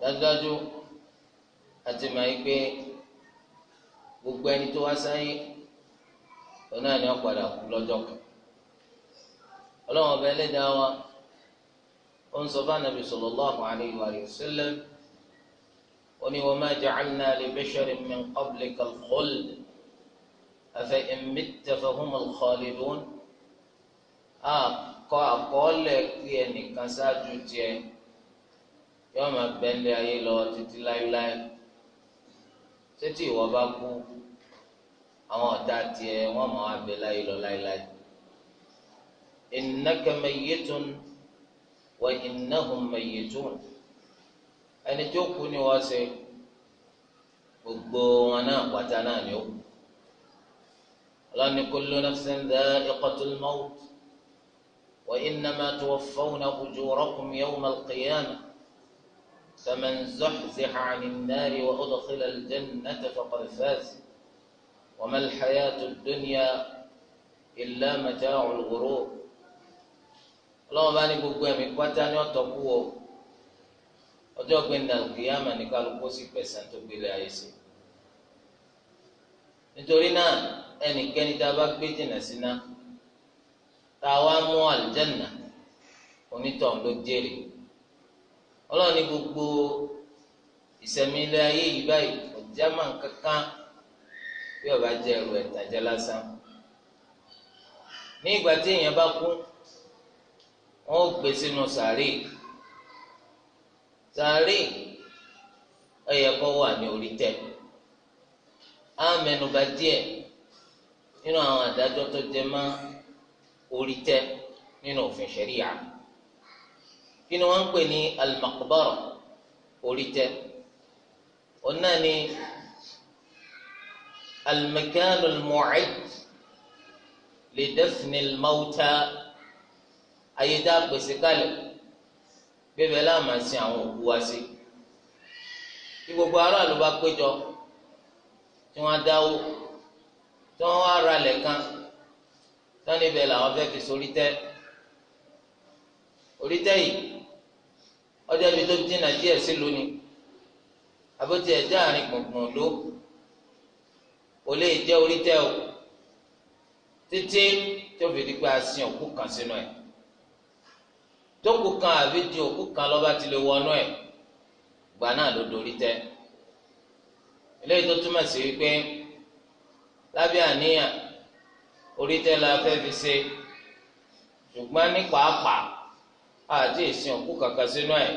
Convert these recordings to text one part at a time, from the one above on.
dájúdájú àti màá yí pé gbogbo ẹni tó wá sáyé òun náà ni wọ́n padà kú lọ́jọ́ kan ọlọ́wọ́n ọba ẹlẹ́dàá wa ó ń sọ fún anabi sallallahu alayhi wa sallam ó ní wa ma ja'alna li basharin min qablika al-khuld afa in mitta fahumul khalidun àkọ́ àkọọ́lẹ̀ pé ẹnìkan ṣáájú tiẹ̀ yóò máa bẹ́ńdé ayé lọ títí láéláé sétí ìwọ bá kú àwọn ọ̀tá tiẹ̀ wọ́n máa wá bẹ láyé lọ láéláé innaka mayyitun wa innahum mayyitun ẹni tó kú ni wọ́n ṣe gbogbo wọn náà pátá náà ni ó kú ọlọ́ni kullu nafsin dha'iqatul maut wa innama tuwaffawna ujurakum yawmal qiyamah. فمن زحزح عن النار وأدخل الجنة فقد فاز وما الحياة الدنيا إلا متاع الغرور ọlọ́wọ́ bá ní gbogbo ẹ̀mí pátá ní ọ̀tọ̀ kú o ọjọ́ gbẹ̀ndà òkèèyàmà ní kálukú sí pẹ̀sẹ̀ tó gbélé ayé sí nítorí náà ẹnikẹ́ni tá a bá gbé jìnnà sí náà tá a wá mú àlùjánnà onítọ̀ ló jèrè ọlọ́run ní gbogbo ìsẹ̀mí ilé ayé yìí báyìí ọ̀já máa ń kankan bí ọba jẹ ẹrù ẹ̀tàjẹ́ lásán ní ìgbà tí èèyàn bá kú wọn ò gbé sínú sàárè sàárè ẹ̀yẹ kọ́ wà ní orí tẹ̀ á mẹ́nubà díẹ̀ nínú àwọn àdájọ́ tó jẹ mọ́ orí tẹ̀ nínú òfin ṣẹ̀ríyà. No kí ni wọ́n ń pè ní al-maqbara oríjẹ òun náà ni al-makanu al-mu'id li dafni al-mawta ayédá pèsè kalẹ̀ bíbẹ̀ láàmà sí àwọn wa sí kí gbogbo aráàlú bá péjọ tí wọ́n dáwó tí wọ́n wá ra lẹ̀kan tán níbẹ̀ làwọn fẹ́ẹ́ fi sórí tẹ́ yìí ọjọ́ ibi tó dínà díẹ̀ sí lónìí àbótí ẹ̀já àárín gbùngbùn ló kò lè jẹ́ orí tẹ́ o títí tó fi di pé a sin òkú kan sínú ẹ̀ tó kú kan àbí di òkú kan lọ́ba ti lè wọnú ẹ̀ gbà náà ló dorí tẹ́ eléyìí tó túmọ̀ sí wípé lábẹ́ àníyàn orí tẹ́ la fẹ́ fi ṣe ṣùgbọ́n ní pàápàá àti ìsìn òkú kankan sínú ẹ̀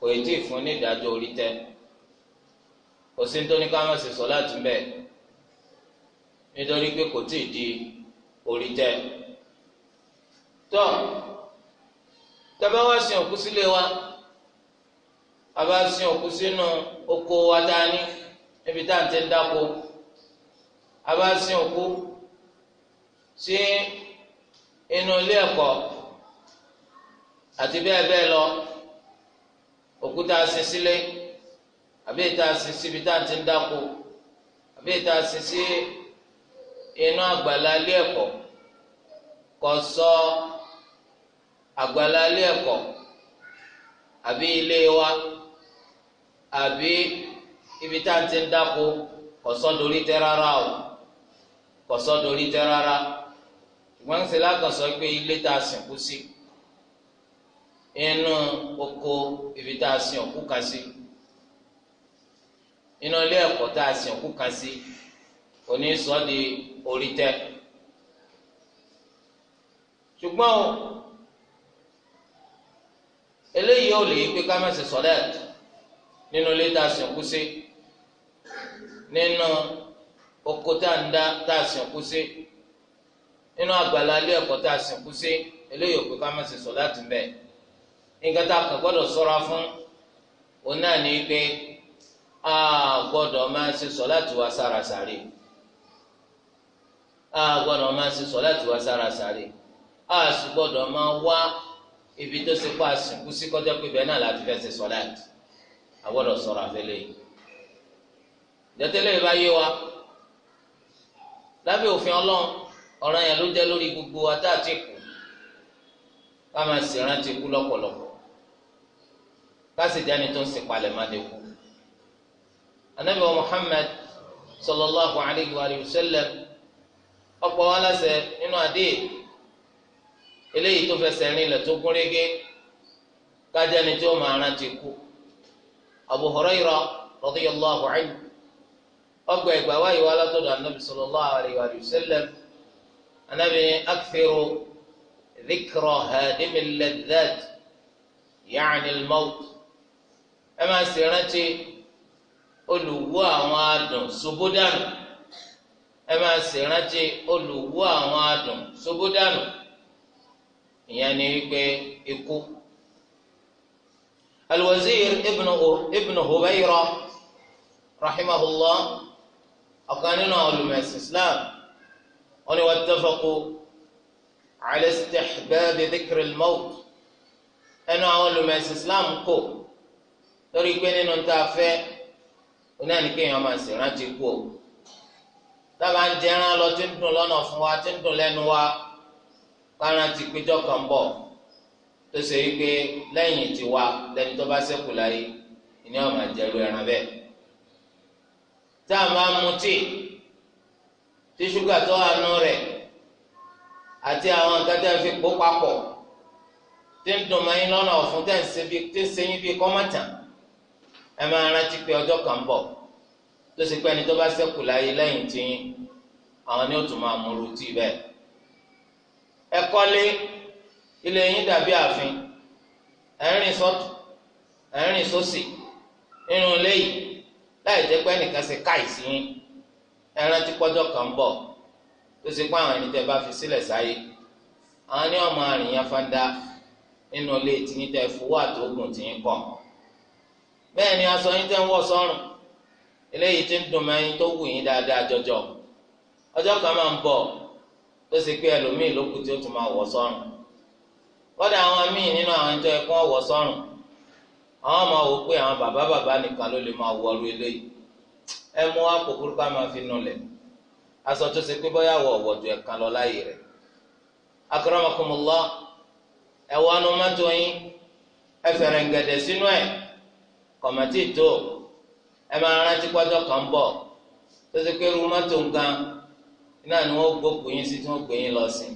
kò ì tí ì fún ní ìdájọ́ orí tẹ́ kò sí nítorí ká má ṣe sọ láti mbẹ nítorí pé kò tí ì di orí tẹ́ tọ́ tọ́ba wá sin òkú sílé wa a bá sin òkú sínú oko wa dání níbi tá à ń tẹ́ ń dáko a bá sin òkú sí inú ilé ẹ̀kọ́ àti bẹ́ẹ̀ bẹ́ẹ̀ lọ òkúta sin sílé àbí ìta sin síbi tá à ti ń dáko àbí ìta sin sí inú àgbàlá ilé ẹ̀kọ́ kò sọ àgbàlá ilé ẹ̀kọ́ àbí ilé wa àbí ibi tá à ti ń dáko kò sọ dorí tẹ rárá o kò sọ dorí tẹ rárá ìwọ́n ń ṣe lákàtúnṣe pé ilé tá sìnkú sí. Si inú oko ibi tá a sin òkú kan sí inú ilé ẹ̀kọ́ tá a sin òkú kan sí òní sọ di orí tẹ ṣùgbọ́n o eléyìí ò lè pé ká má ṣe sọ̀lẹ́t nínú ilé tá a sin òkú sí nínú oko tá a ń dá tá a sin òkú sí nínú àgbàlá ilé ẹ̀kọ́ tá a sin òkú sí eléyìí ò pé ká má ṣe sọ̀lẹ́t ń bẹ́ẹ̀ nǹkan tá a kàn gbọ́dọ̀ ṣọ́ra fún òun náà ní pé a gbọ́dọ̀ máa ṣe sọ̀láàtì wa sára sàré a gbọ́dọ̀ máa ṣe sọ̀láàtì wa sára sàré a sì gbọ́dọ̀ máa wá ibi tó ṣe pa àsìnkú sí kọjá pé bẹ́ẹ̀ náà láti fẹ́ ṣe sọ̀láàtì a gbọ́dọ̀ ṣọ́ra fẹ́lẹ́ yìí jẹ́tẹ́lẹ́ yìí bá yé wa lábẹ́ òfin ọlọ́run ọ̀ràn yẹn ló jẹ́ lórí gbogbo wa tá a ti kù ká máa sì kú lọ́pọ̀lọpọ̀ káṣí dání tó ń sèpalẹ̀ má dé kú. anabi wa muhammad sallallahu alayhi wa sallam ọ̀pọ̀ wa láṣẹ nínú adé eléyìí tó fẹsẹ̀ rinlẹ̀ tó gún régé kájá ni tí ó máa rántí kú. abu huraira radiyallahu anhu ọgbà ìgbà wáyé wa látọ̀dọ̀ anabi sallallahu alayhi wa sallam anabi akfiru dhikra hadimi ladhat yaani al ẹ máa ṣe rántí olùwó àwọn adùn ṣubú dànù ẹ máa ṣe rántí olùwó àwọn adùn ṣubú ìyẹn ni wípé ikú. الوزير ابن ابن هبيرة رحمه الله أقاننا علماء الإسلام أن واتفقوا على استحباب ذكر الموت أنا علماء الإسلام قو torí pé nínú tá a fẹ́ onáà ní kéèyàn máa sì rántí kú o dábàá ń jẹran lọ tí ń dùn lọ́nà fún wa tí ń dùn lẹ́nu wa kárántì péjọ́ kan bọ̀ tó ṣe wípé lẹ́yìn tiwa lẹ́ni tó bá ṣẹ́kù láyé ìní ọ̀ma jẹ́rú ẹran bẹ́ẹ̀ tá a máa mutí tí ṣúgà tó wà nù rẹ̀ àti àwọn nǹkan tẹ́ fi kó papọ̀ tí ń dùn mọ́ yín lọ́nà ọ̀fun tẹ́ ń ṣe bí kọ́mọ̀tàn ẹ máa rántí pé ọjọ́ kan m bọ̀ tó ṣe pé ẹni tó bá ṣẹ́kù láyé lẹ́yìn tí àwọn ni ó máa mú rutí bẹ́ẹ̀. ẹ kọ́lé ilé yín dàbí ààfin ẹ rìn sọ́tù ẹ rìn sósì nínú ilé yìí láì jẹ́ ẹnìkan ṣe káìsí yín ẹ rántí pọ́jọ́ kan bọ̀ tó ṣe pé àwọn ẹni bá fi sílẹ̀ àwọn ni nínú ilé tí yín fowó tí bẹ́ẹ̀ ni aṣọ yín tẹ́ ń wọ̀ sọ́rùn eléyìí ti ń dùn mọ́ yín tó wù yín dáadáa jọjọ ọjọ́ kan máa ń bọ̀ tó ṣe pé ẹlòmíì ló kù tí ó tún máa wọ̀ sọ́rùn kọ́dà àwọn míì nínú àwọn ìjọ ẹ̀kọ́ àwọn máa wò pé àwọn bàbá bàbá nìkan ló lè máa eléyìí ẹ mú wá ká máa fi nulẹ̀ aṣọ tó pé ju lọ láyè rẹ̀ ń gẹ̀dẹ̀ kọ̀mọ̀tì tó ẹ máa rántí pọ́jọ́ kan bọ̀ tó ti pé irú mọ́tò nǹkan náà ni wọ́n gbókùn yín sí tí wọ́n gbé yín lọ sí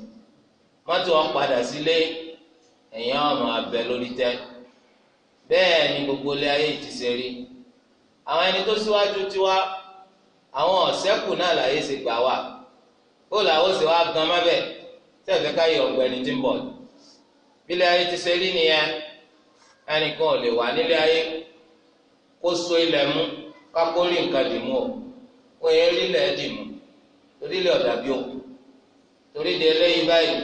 mọ́tò wọn padà sílé ẹ̀yìn ọ̀nà abẹ lórí tẹ́ bẹ́ẹ̀ ni gbogbo ilé ayé ti ṣe rí àwọn ẹni tó síwájú tiwa àwọn ọ̀sẹ́kù náà láyé ṣe gbà wá ó làwọn ṣe wá gan mọ́bẹ̀ tẹ̀fẹ́ káyọ̀ ni tí ń bọ̀ bílẹ̀ ayé ti ṣe rí nìyẹn ẹnìkan ò lè wà nílé ayé kó so ilẹ̀ mú kápó rí nǹkan dì mú o kó yẹ rí ilẹ̀ dì mú torí ilẹ̀ ọ̀dà bí o torí di eléyìí báyìí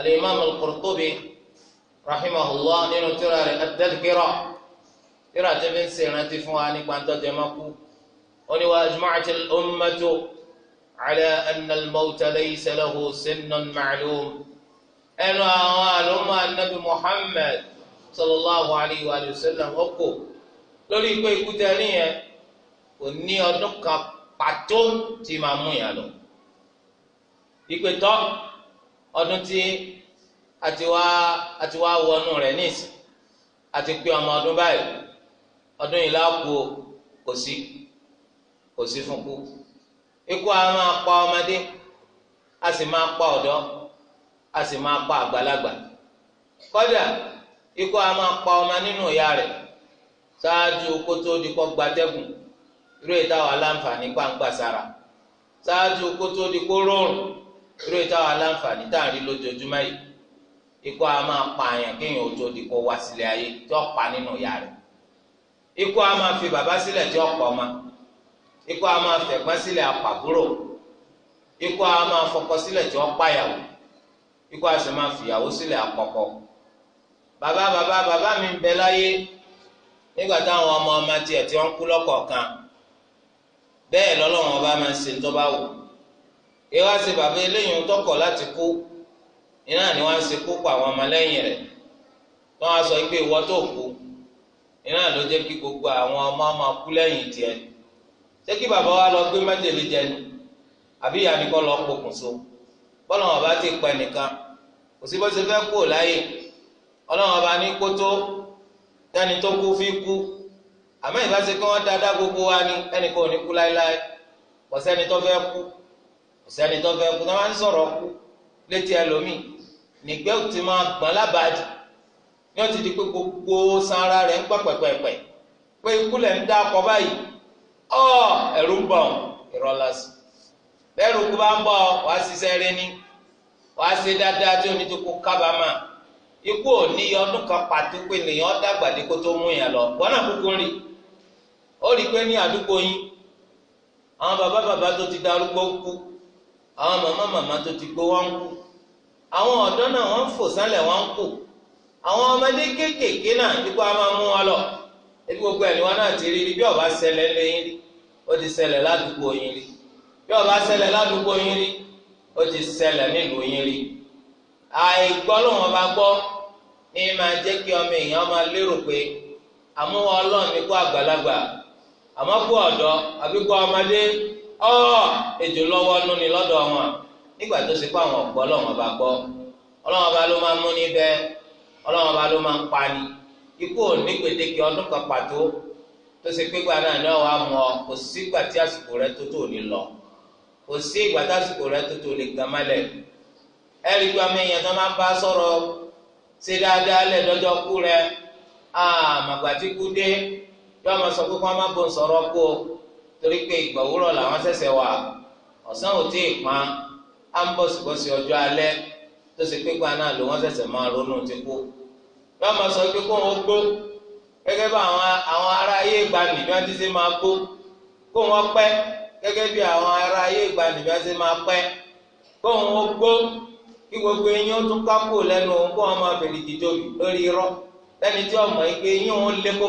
al-imam al-Qurtubi rahimahullah nínú tírà rẹ̀ at-Tadhkira tírà tí fi ń ṣe ìrántí fún wa nípa ntọ́jọ́ máa kú ó ní ummatu ala anna mawta laysa lahu sinnun ma'lum ẹnu àwọn àlùmọ́ anabi Muhammad sallallahu alayhi wa sallam ó lórí pé ikú tẹ rí yẹn kò ní ọdún kan pàtó tí máa mú yàn lọ ìpè tọ́ ọdún tí àti wá àti wá wọnú rẹ̀ níìsín àti pé ọmọ ọdún báyìí ọdún yìí láàpò kò sí kò sí fún kú ikú a máa pa ọmọdé a sì máa pa ọ̀dọ́ a sì máa pa àgbàlagbà kódà ikú a máa pa ọmọ nínú ìyá rẹ̀ ṣáájú kótó dikọ́ gbatẹ́gùn irú èyí táwọn aláǹfààní pàǹpà sára ṣáájú kótó dikọ́ rọrùn irú èyí táwọn aláǹfààní tá à ń rí lójoojúmọ́ yìí ikú a máa pa àyàn kéèyàn ó tó dikọ́ wá sílé ayé tí ó pa nínú ìyá rẹ̀ ikú a máa fi bàbá sílẹ̀ tí ó pọ̀ ọmọ ikú a máa fẹ̀gbọ́n sílẹ̀ apàbúrò ikú a máa fọkọ sílẹ̀ tí ó pàyàwó ikú a sì máa fìyàwó sílẹ̀ apọ̀kọ bàbá bàbá bàbá mi ń bẹ láyé nígbà táwọn ọmọ ọmọ tiẹ̀ tí wọ́n kú lọ́kọ̀ọ̀kan bẹ́ẹ̀ lọ́lọ́wọ́n ọba máa ń ṣe tó bá wù ìwá ṣe bàbá eléyìí tó kọ̀ láti kú iná ni wọ́n á ṣe kó pa àwọn ọmọlẹ́yìn rẹ̀ tó wọ́n á sọ pé ìwọ tó kú iná ló jẹ́ kí gbogbo àwọn ọmọ ọmọ kú lẹ́yìn tiẹ̀ ṣé kí bàbá wa lọ gbé májèlé jẹ ni àbí ìyá mi kọ́ lọ pokùn so bọ́lọ́wọ́n ọba ti pẹ́ nìkan kò sí bó ṣe fẹ́ kú láyè ọlọ́wọ́n ọba ní tẹ́ni tó kú fi kú àmọ́ ìbáṣe kí wọ́n dáadáa gbogbo wa ni ẹnì kan ò ní kú láéláé kò sẹ́ni tó fẹ́ kú kò sẹ́ni tó fẹ́ kú tó máa ń sọ̀rọ̀ kú létí ẹlòmíì nígbẹ́ ò ti máa gbọ́n lábàájú ní ó ti di pé gbogbo sanra rẹ̀ ń pẹ̀pẹ̀pẹ̀pẹ̀ pé ikú lẹ̀ ń dá akọ báyìí ọ ẹ̀rù ń bọ̀ ìrọ̀lásì bẹ́ẹ̀ rúkú bá ń bọ̀ wá ṣiṣẹ́ rẹ ní wá ṣe dáadáa tí ò ní tó kó kábàámà. ikú ò ní ọdún kan pàtó pé lèyàn dàgbà dé kó tó mú yẹn lọ wọn náà kúkú ń rí ó rí i pé ní àdúgbò yín àwọn bàbá bàbá tó ti darúgbó kú àwọn màmá màmá tó ti gbó wọn kú àwọn ọ̀dọ́ náà wọ́n fò sálẹ̀ wọ́n kú àwọn ọmọdé kéékèèké náà ikú mú wọn lọ ọba rí ó ti ládùúgbò yín rí ọba àìgbọ́ lòun ọba gbọ́ ní máa jẹ́ kí ọmọ èèyàn máa lérò pé àmúwọ ọlọ́run ní kó àgbàlagbà àmọ́ kó ọ̀dọ́ àbí kó ọmọdé ọ́ ejò lọ́wọ́ nú ni lọ́dọ̀ wọn nígbà tó ṣe gbọ́ ọlọ́run ló máa mú ní bẹ́ẹ̀ ló máa ń ikú ọdún ẹ̀rí gba mẹ́yìn tó máa ń bá sọ̀rọ̀ ṣe dáadáa lẹ̀ lọ́jọ́ kú rẹ̀ àmàgbàtí kú dé yóò máa sọ pé kó má bò ń sọ̀rọ̀ kó torí pé ìgbà òwúrọ̀ làwọn ṣẹ̀ṣẹ̀ wà ọ̀sán ò tí ì pa á ń bọ̀sibọ̀si ọjọ́ alẹ́ tó ṣe pé gbaná ló wọ́n ṣẹ̀ṣẹ̀ máa ronú ti kú yóò máa sọ pé kó wọn gbó gẹ́gẹ́ bí àwọn ará ayé ìgbà nìjọ́ ti ṣe máa gbó kó wọn pẹ́ gẹ́gẹ́ bí àwọn ará ayé ìgbà nìjọ́ ti ṣe máa pẹ́ kó wọn gbó. gbogbo eyín ó tún kápò lẹ́nu òun kó wọn máa fèrè lórí irọ́ lẹ́ni tí ọmọ yìí pé eyín fi lọ kí náà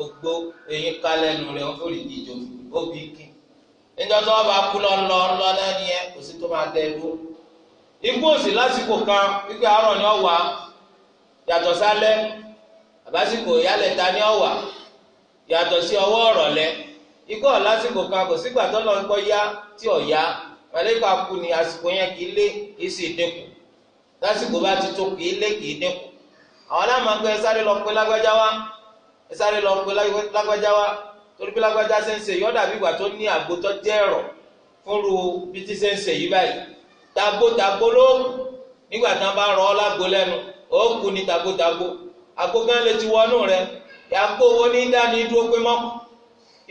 ogbó eyín ká lọ lọ lọ kò sí tó máa dẹ ibú. òsì lásìkò kan wípé àárọ̀ ni ọ̀wà yàtọ̀ sálẹ̀ àbásìkò ìyálẹ̀ta ni ikú ọ̀lásìkò kan kò sígbà tó lọ gbọ́ yá tí ò yá ni àsìkò yẹn kì í lé kì í sì dínkù lásìkò bá ti tó kì í lé kì í dínkù àwọn aláma lọ pé lágbájá wa sáré lọ pé lágbájá wa torí pé lágbájá yọ dàbí ìgbà tó ní jẹ́ ẹ̀rọ fúnru bí ti ọ lágbo lẹ́nu ó kù ní tagbo tagbo àgbo ti wọnú rẹ owó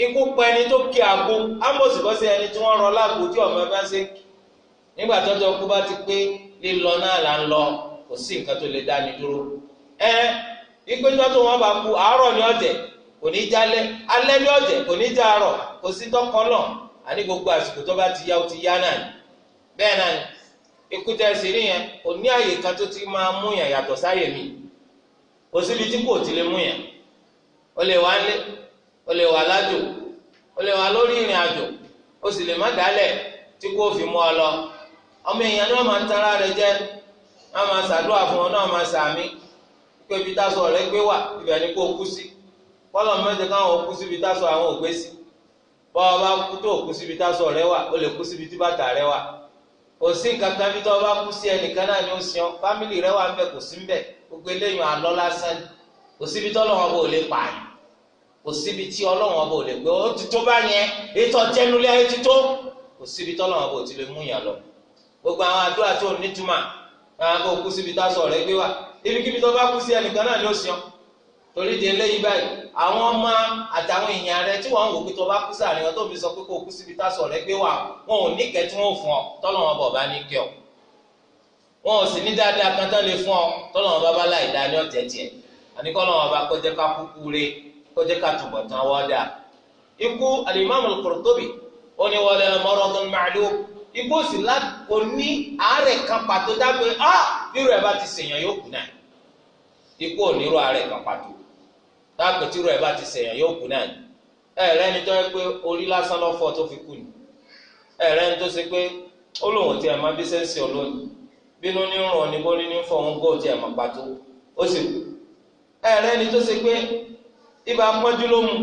ikú pa ẹni tó kí aago ámọ̀síkọ́sí ẹni tí wọ́n rọ lágbo tí ọmọ ẹgbẹ́ ṣe nígbà tọ́jọ́ kú bá ti pé lílọ náà là ń lọ kò sí nǹkan tó lè dáni dúró ẹ ikú tó tó wọn bá kú àárọ̀ ní ọ̀jẹ̀ kò ní gbogbo àsìkò tó ti yá ti yá náà bẹ́ẹ̀ náà ikú tẹ́ yẹn kò ní àyè kan tó ti máa mú yàn yàtọ̀ ó lè wà lájò ó lè wà lórí ìrìn àjò ó sì lè má dálẹ̀ tí kò fi mú ọ lọ ọmọ èèyàn náà wọn máa ń tara rẹ jẹ wọn máa ṣàdúrà fún ọ náà máa ṣàmì wà ibẹ̀ ni kò kú sí kọlọ mẹjọ káwọn kú síbi àwọn ò wà ó lè kú síbi tí wà bí kú sí ni ó sìn ọ fámìlì rẹ wà ń bẹ kò sí ń bẹ gbogbo eléyìí àlọ́ lásán kò síbi tí ọlọ́run ọba ò lè gbé ó ti tó bá yẹn ètò ọ̀jẹ̀nulẹ̀ ayé ti tó kò síbi tí ọlọ́run ọba ò ti lè mú yàn lọ gbogbo àwọn àdúrà tó nítumà àwọn akó kú síbi tá a sọ rẹ gbé wà ibikíbi tó bá kú sí ẹnìkan náà ni ó sàn torí di eléyìí báyìí àwọn ọmọ àtàwọn èèyàn rẹ tí wọn ń wò pé tó bá kú sáàrin wọn tó fi sọ pé kó kú síbi tá a sọ rẹ gbé wà wọn ò ní kẹ tí wọn fún ọ tọ́lọ̀ bọ̀ bá ní kí ọ wọn ò sì ní dáadáa kan tán lè fún ọ tọ́lọ̀ bá bá láì dá ní ọ̀tẹ̀ tiẹ̀ àníkọ́ bá kọjá ká kúkú rèé kó jẹ́ ká túbọ̀ tán wọ́n dà ikú alimami al-Qurtubi ó ní wala maradun ma'lum ikú sì kò ní àárẹ̀ kan pàtó dágbé á ah, bírò ẹ̀ bá ti ṣèyàn yóò kú náà ikú ò nírò àárẹ̀ kan pàtó dágbé tírò ẹ̀ bá ti ṣèyàn yóò kú náà ẹ̀rẹ́ ni tó yẹ pé orí lásán lọ́ fọ́ tó fi kú ni ẹ̀rẹ́ ni tó ṣe pé ó lóun ti ẹ̀ máa bí sẹ́ńsì ọlọ́ọ̀ni bínú ní ràn ní ní ní fọ́ òun kó ti ẹ̀ máa pàtó ó sì kú ẹ̀rẹ́ ni tó ṣe pé ibà pọ́njú ló mú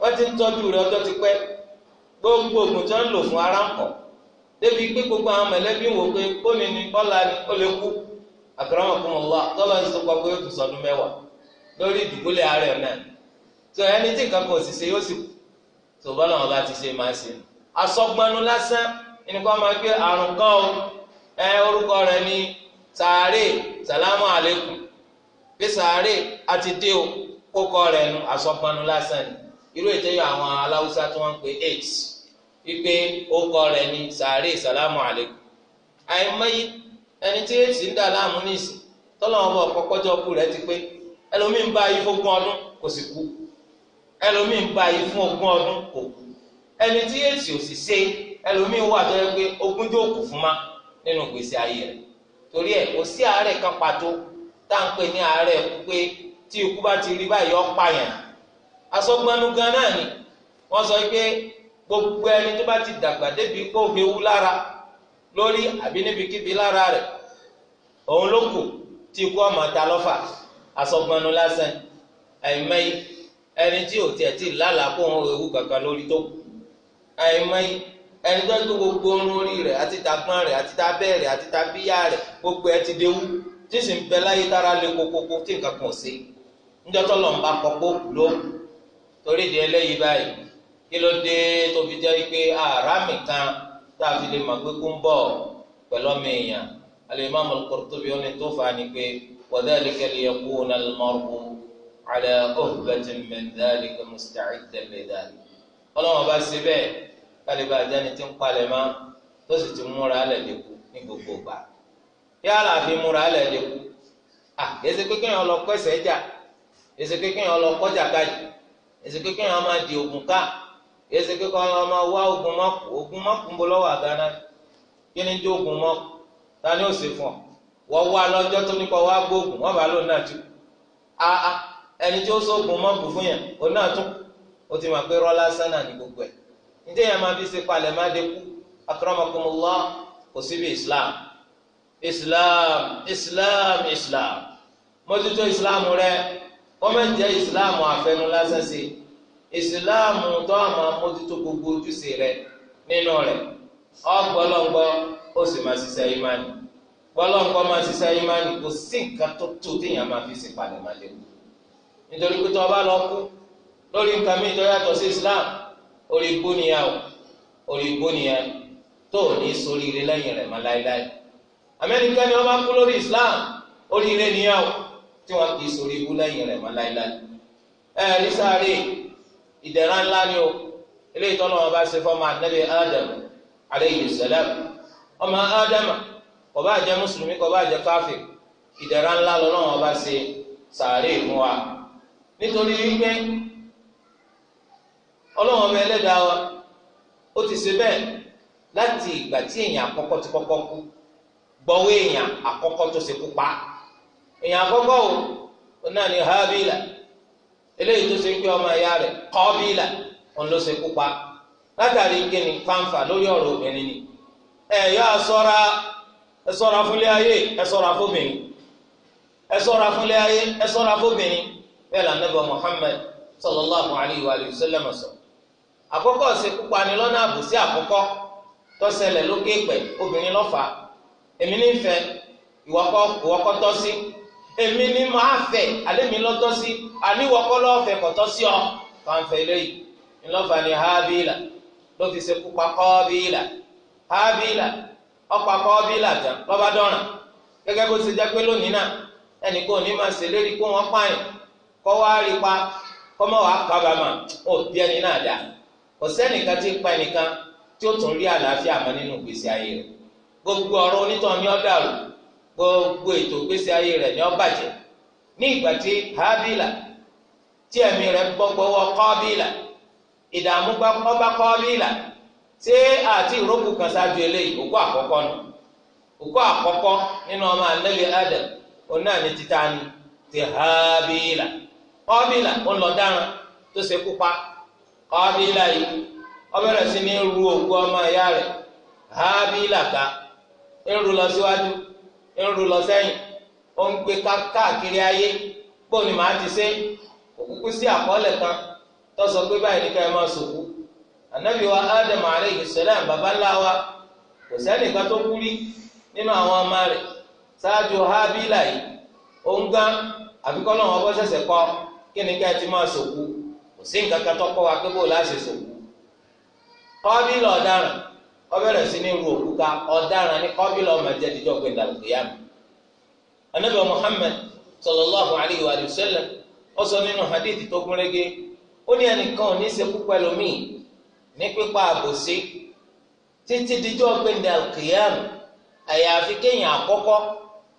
wọ́n ti ń tọ́jú rẹ̀ ọjọ́ ti pẹ́ gbogbo oògùn tí wọ́n ń lò fún ara ń kọ̀ débi pé gbogbo àwọn mẹ̀lẹ́bí wò pé bómi ni ọ̀la ni ó lè kú akramakumullah tọ́lá ń sọpọ̀ pé ó tún sọdún mẹ́wàá lórí ìdùbúlẹ̀ ààrẹ náà tó ẹni tí nǹkan kan òṣìṣẹ́ yóò sì kú tó bọ́lá wọn bá ti ṣe máa ṣe asọ́gbọ́nú lásán ẹnìkan máa gbé àrùn kan o ẹ orúkọ rẹ ní sàárè sàlámù àlékún bí sàárè àti dé o kókó rẹ̀ nu asọ́pọnú lásán ni irú ètò àwọn aláwùsá tí wọ́n ń pè aids wípé ókọ rẹ̀ ni sàárè sàlámù àlékún àìmọye ẹni tí aids ń dà láàmú nìsín tọ́lọ́wọ́n bọ̀ kọ́kọ́jọ́ kú rẹ̀ ti pé ẹlòmíín bá yí ọdún kò sì kú ẹlòmíín bá yí fún ogún ma nínú torí kò sí àárẹ̀ kan pàtó tá à ń pè tí ikú bá ti rí báyìí ọ̀pààyàn asọ́gbọ́nú gan náà ni wọ́n sọ pé gbogbo ẹni tó bá ti dàgbà débi kó hewu lára lórí àbí níbikíbi lára rẹ̀ òun ló kù tí ikú ọmọ ta lọ́fà asọ́gbọ́nú lásán àìmọye ẹni tí ò tiẹ̀ ti lálàá kó òun hewu kankan lórí tó kù àìmọye ẹni tó ń tó gbogbo orun orí rẹ̀ àti tàgbọ́n rẹ̀ àti tàbẹ́ rẹ̀ àti tàbíyá rẹ̀ gbogbo ẹ ti déwú tí sì ń bẹ láyé tára lé kókókó tí nǹkan kan ò sí ńjọ́tọ́ lọ́n bá pọ́pọ́ kù ló torí di ẹlẹ́yìí báyìí kí ló dé tó fi jẹ́ pé àrá mi kan tá a fi lè mọ̀ pé kó ń bọ̀ pẹ̀lú ọmọ èèyàn al-Imam al-Qurtubi ó ní tó fa ni pé wa dhalika liyakuna al-mar'u ala uhbatin min dhalika musta'iddan li dhalika ọlọ́wọ́n bá ṣe bẹ́ẹ̀ kálíbà jáni ti ń palẹ̀ mọ́ tó sì ti múra alẹ̀ lẹ́kù ní gbogbo gbà yálà fi múra alẹ̀ lẹ́kù à kì èsì kékeré yẹn lọ kọjá káyì èsì kékeré ọ máa di ogun ká èsì kékeré yẹn máa wá ogun mọ́kù ogun mọ́kù ń bọ̀ lọ́wọ́ àgànà kí ni ogun ta ni ó sì fún ọ wọ́n wá tó nípa wá gbóògùn wọ́n bá lóun náà tú a ẹni tí ó fún yẹn òun náà tún ó ti pé sánà ní gbogbo yẹn máa fi islam islam islam islam islam rẹ. kọ́mọ̀ jẹ́ ìsìláàmù àfẹnu lásán ṣe ìsìláàmù tó àmọ́ mójútó gbogbo ojúṣe rẹ nínú rẹ ọgbọlọgbọ ó sì máa ṣiṣẹ́ ìmánì gbọlọgbọ máa ṣiṣẹ́ ìmánì kò sí nǹkan tó tó téèyàn máa fi ṣèpalẹ̀ máa léwu nítorí pé tó o bá lọ kú lórí nǹkan mi tó yàtọ̀ sí islam orí igbó nìyà o orí igbó nìyà tó o ní sóríire lẹ́yìn rẹ̀ máa láéláé amẹ́ríkà ni wọ́n bá kú lórí islam oríire nìyà o tí wọ́n kì í sórí ibú lẹ́yìn rẹ̀ mọ́ láíláí. ẹ ẹ nísàárè ìdẹ̀ra ńlá ni o eléyìí tọ́nà wọn ṣe fọ́mọ ànábì Adam aleyhi salam ọmọ Adam kò bá jẹ́ mùsùlùmí kò bá jẹ́ káfíìn ìdẹ̀ra ńlá lọ́nà wọn bá ṣe sàárè fún wa nítorí wípé ọlọ́wọ́n ọba ẹlẹ́dàá wa ó ti ṣe bẹ́ẹ̀ láti ìgbà tí èèyàn àkọ́kọ́ ti kọ́kọ́ kú gbọ́wọ́ èèyàn àkọ́kọ́ tó ṣe kú pa á. èèyàn àkọ́kọ́ o ó náà ní hábìlà eléyìí tó ṣe pé ọmọ ìyá rẹ̀ kọ́bìlà òun ló ṣe kú pa látàrí kíni fáńfà lórí ọ̀rọ̀ obìnrin ni ẹ yọ àsọra ẹ fúnlé ayé ẹ fóbìnrin fúnlé ayé fóbìnrin bẹ́ẹ̀ sallallahu alayhi wa sallam sọ àkọ́kọ́ ṣe kú pa ni lọ́nà àbùsí àkọ́kọ́ tó ṣẹlẹ̀ lókè obìnrin èmi nífẹ̀ẹ́ èmi ni màá fẹ́ alẹ́ mi lọ́tọ́ sí àníwọ̀kọ́ lọ́ọ̀fẹ́ sí ọ fanfẹ́ eléyìí ni hábìlà ló fi ṣe kópa kọ́ọ́bìlà hábìlà ọ̀pá ha tán lọ́ba dọ́ràn gẹ́gẹ́ bó ṣe jẹ́ pé lónìí náà ẹnì kò ní máa ṣe lérí kó wọ́n pààyàn kọ́ wá rí pa kọ́ mọ́ wàá kábàámà ó bí ẹni náà kò sẹ́nìkan pa ẹnìkan tí ó tún rí àlàáfíà mọ́ gbogbo ọ̀rọ̀ onítọ̀ ni ọ́ gbogbo ètò ìgbésí ayé rẹ̀ ni ó bàjẹ́ ní ìgbà tí hábìlà tí ẹ̀mí rẹ̀ bọ́ gbọ́wọ́ ìdààmú bá ṣé àti ìrókù kan ṣáájú eléyìí òkú àkọ́kọ́ nù òkú àkọ́kọ́ nínú ọmọ àlẹ́lẹ́ adam ni ti lọ dáràn tó ṣe yìí sí ní ru òkú ọmọ ìyá ká ń ń lọ sẹ́yìn ó ń gbé káàkiri ayé pò ní màá ti ṣe òkúkú sí àkọọ́lẹ̀ kan tó sọ pé báyìí ní ká ẹ máa sòkú ànábì wa ádámù alayhi salam bàbá ńlá wa kò sẹ́nìkan tó kú rí nínú àwọn ọmọ rẹ̀ ṣáájú hábílà yìí ó ń gán àfikọ́ kí ọbẹ̀rẹ̀ sí ní ru òkúta ọ̀daràn ní kọ́bílà ọmọ ẹ̀jẹ̀ díjọ́ pé dàlùkìyàmù. anabi muhammed sallallahu alayhi wa sallam ó sọ nínú hadithi tó gúnrégé ó ní ẹnìkan ò ní í ṣekú pẹ̀lú ní pípa àbòsí títí díjọ́ pé kéèyàn àkọ́kọ́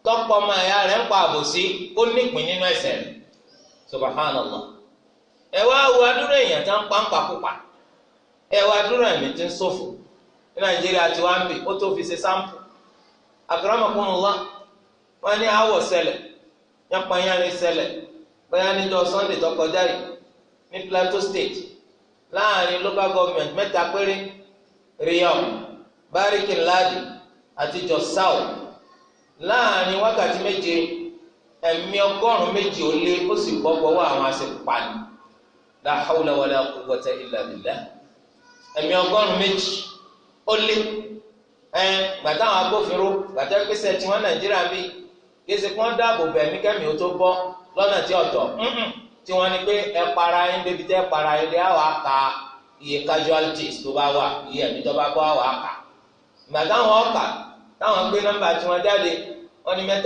tọ́pọ̀ ọmọ ẹ̀yà rẹ̀ ń pa àbòsí ó nípìn nínú ní nàìjíríà tí wọ́n ń bì ó tó fi ṣe sáǹpù wá wọ́n ní àwọ̀ ṣẹlẹ̀ yánpanyánni ṣẹlẹ̀ bóyá níjọ́ sunday tó kọjá yìí ní plateau state láàrin local government mẹta péré Riyadh Barikin Ladi àti Josao South láàrin wákàtí méje ẹ̀mí ọgọrùn ún méje ó la ó lé ẹ gbàtà àwọn agbófinró gbàtà pèsè tí wọn nàìjíríà bí kése kí wọn dáàbò bẹ mí kẹmí ó tó bọ lọ́nà tí ọ̀tọ̀ tí wọn ni pé ẹ para yín débi tẹ para iye casualties tó bá wà iye ọkà táwọn gbé nọmba tí wọn jáde wọn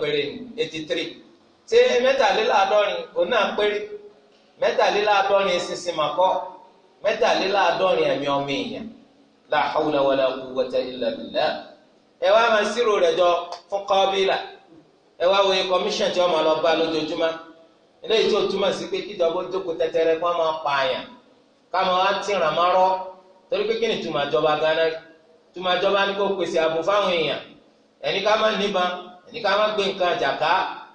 péré ní eighty three ṣé òun náà péré la hawla wala quwwata illa billah ẹ wá máa sírò rẹ̀ jọ fún kọ́bílà ẹ wá wòye kọmíṣàn tí wọ́n máa lọ bá lójoojúmọ́ eléyìí tó túmọ̀ sí pé kíjọba jókòó tẹ́tẹ́rẹ́ kí wọ́n máa pààyàn káwọn wá ti ràn má rọ́ torí pé kí ni túmọ̀ àjọba gánà túmọ̀ àjọba ni kò pèsè ààbò fáwọn èèyàn ẹni ká má níbọn ẹni ká má gbé nǹkan àjàká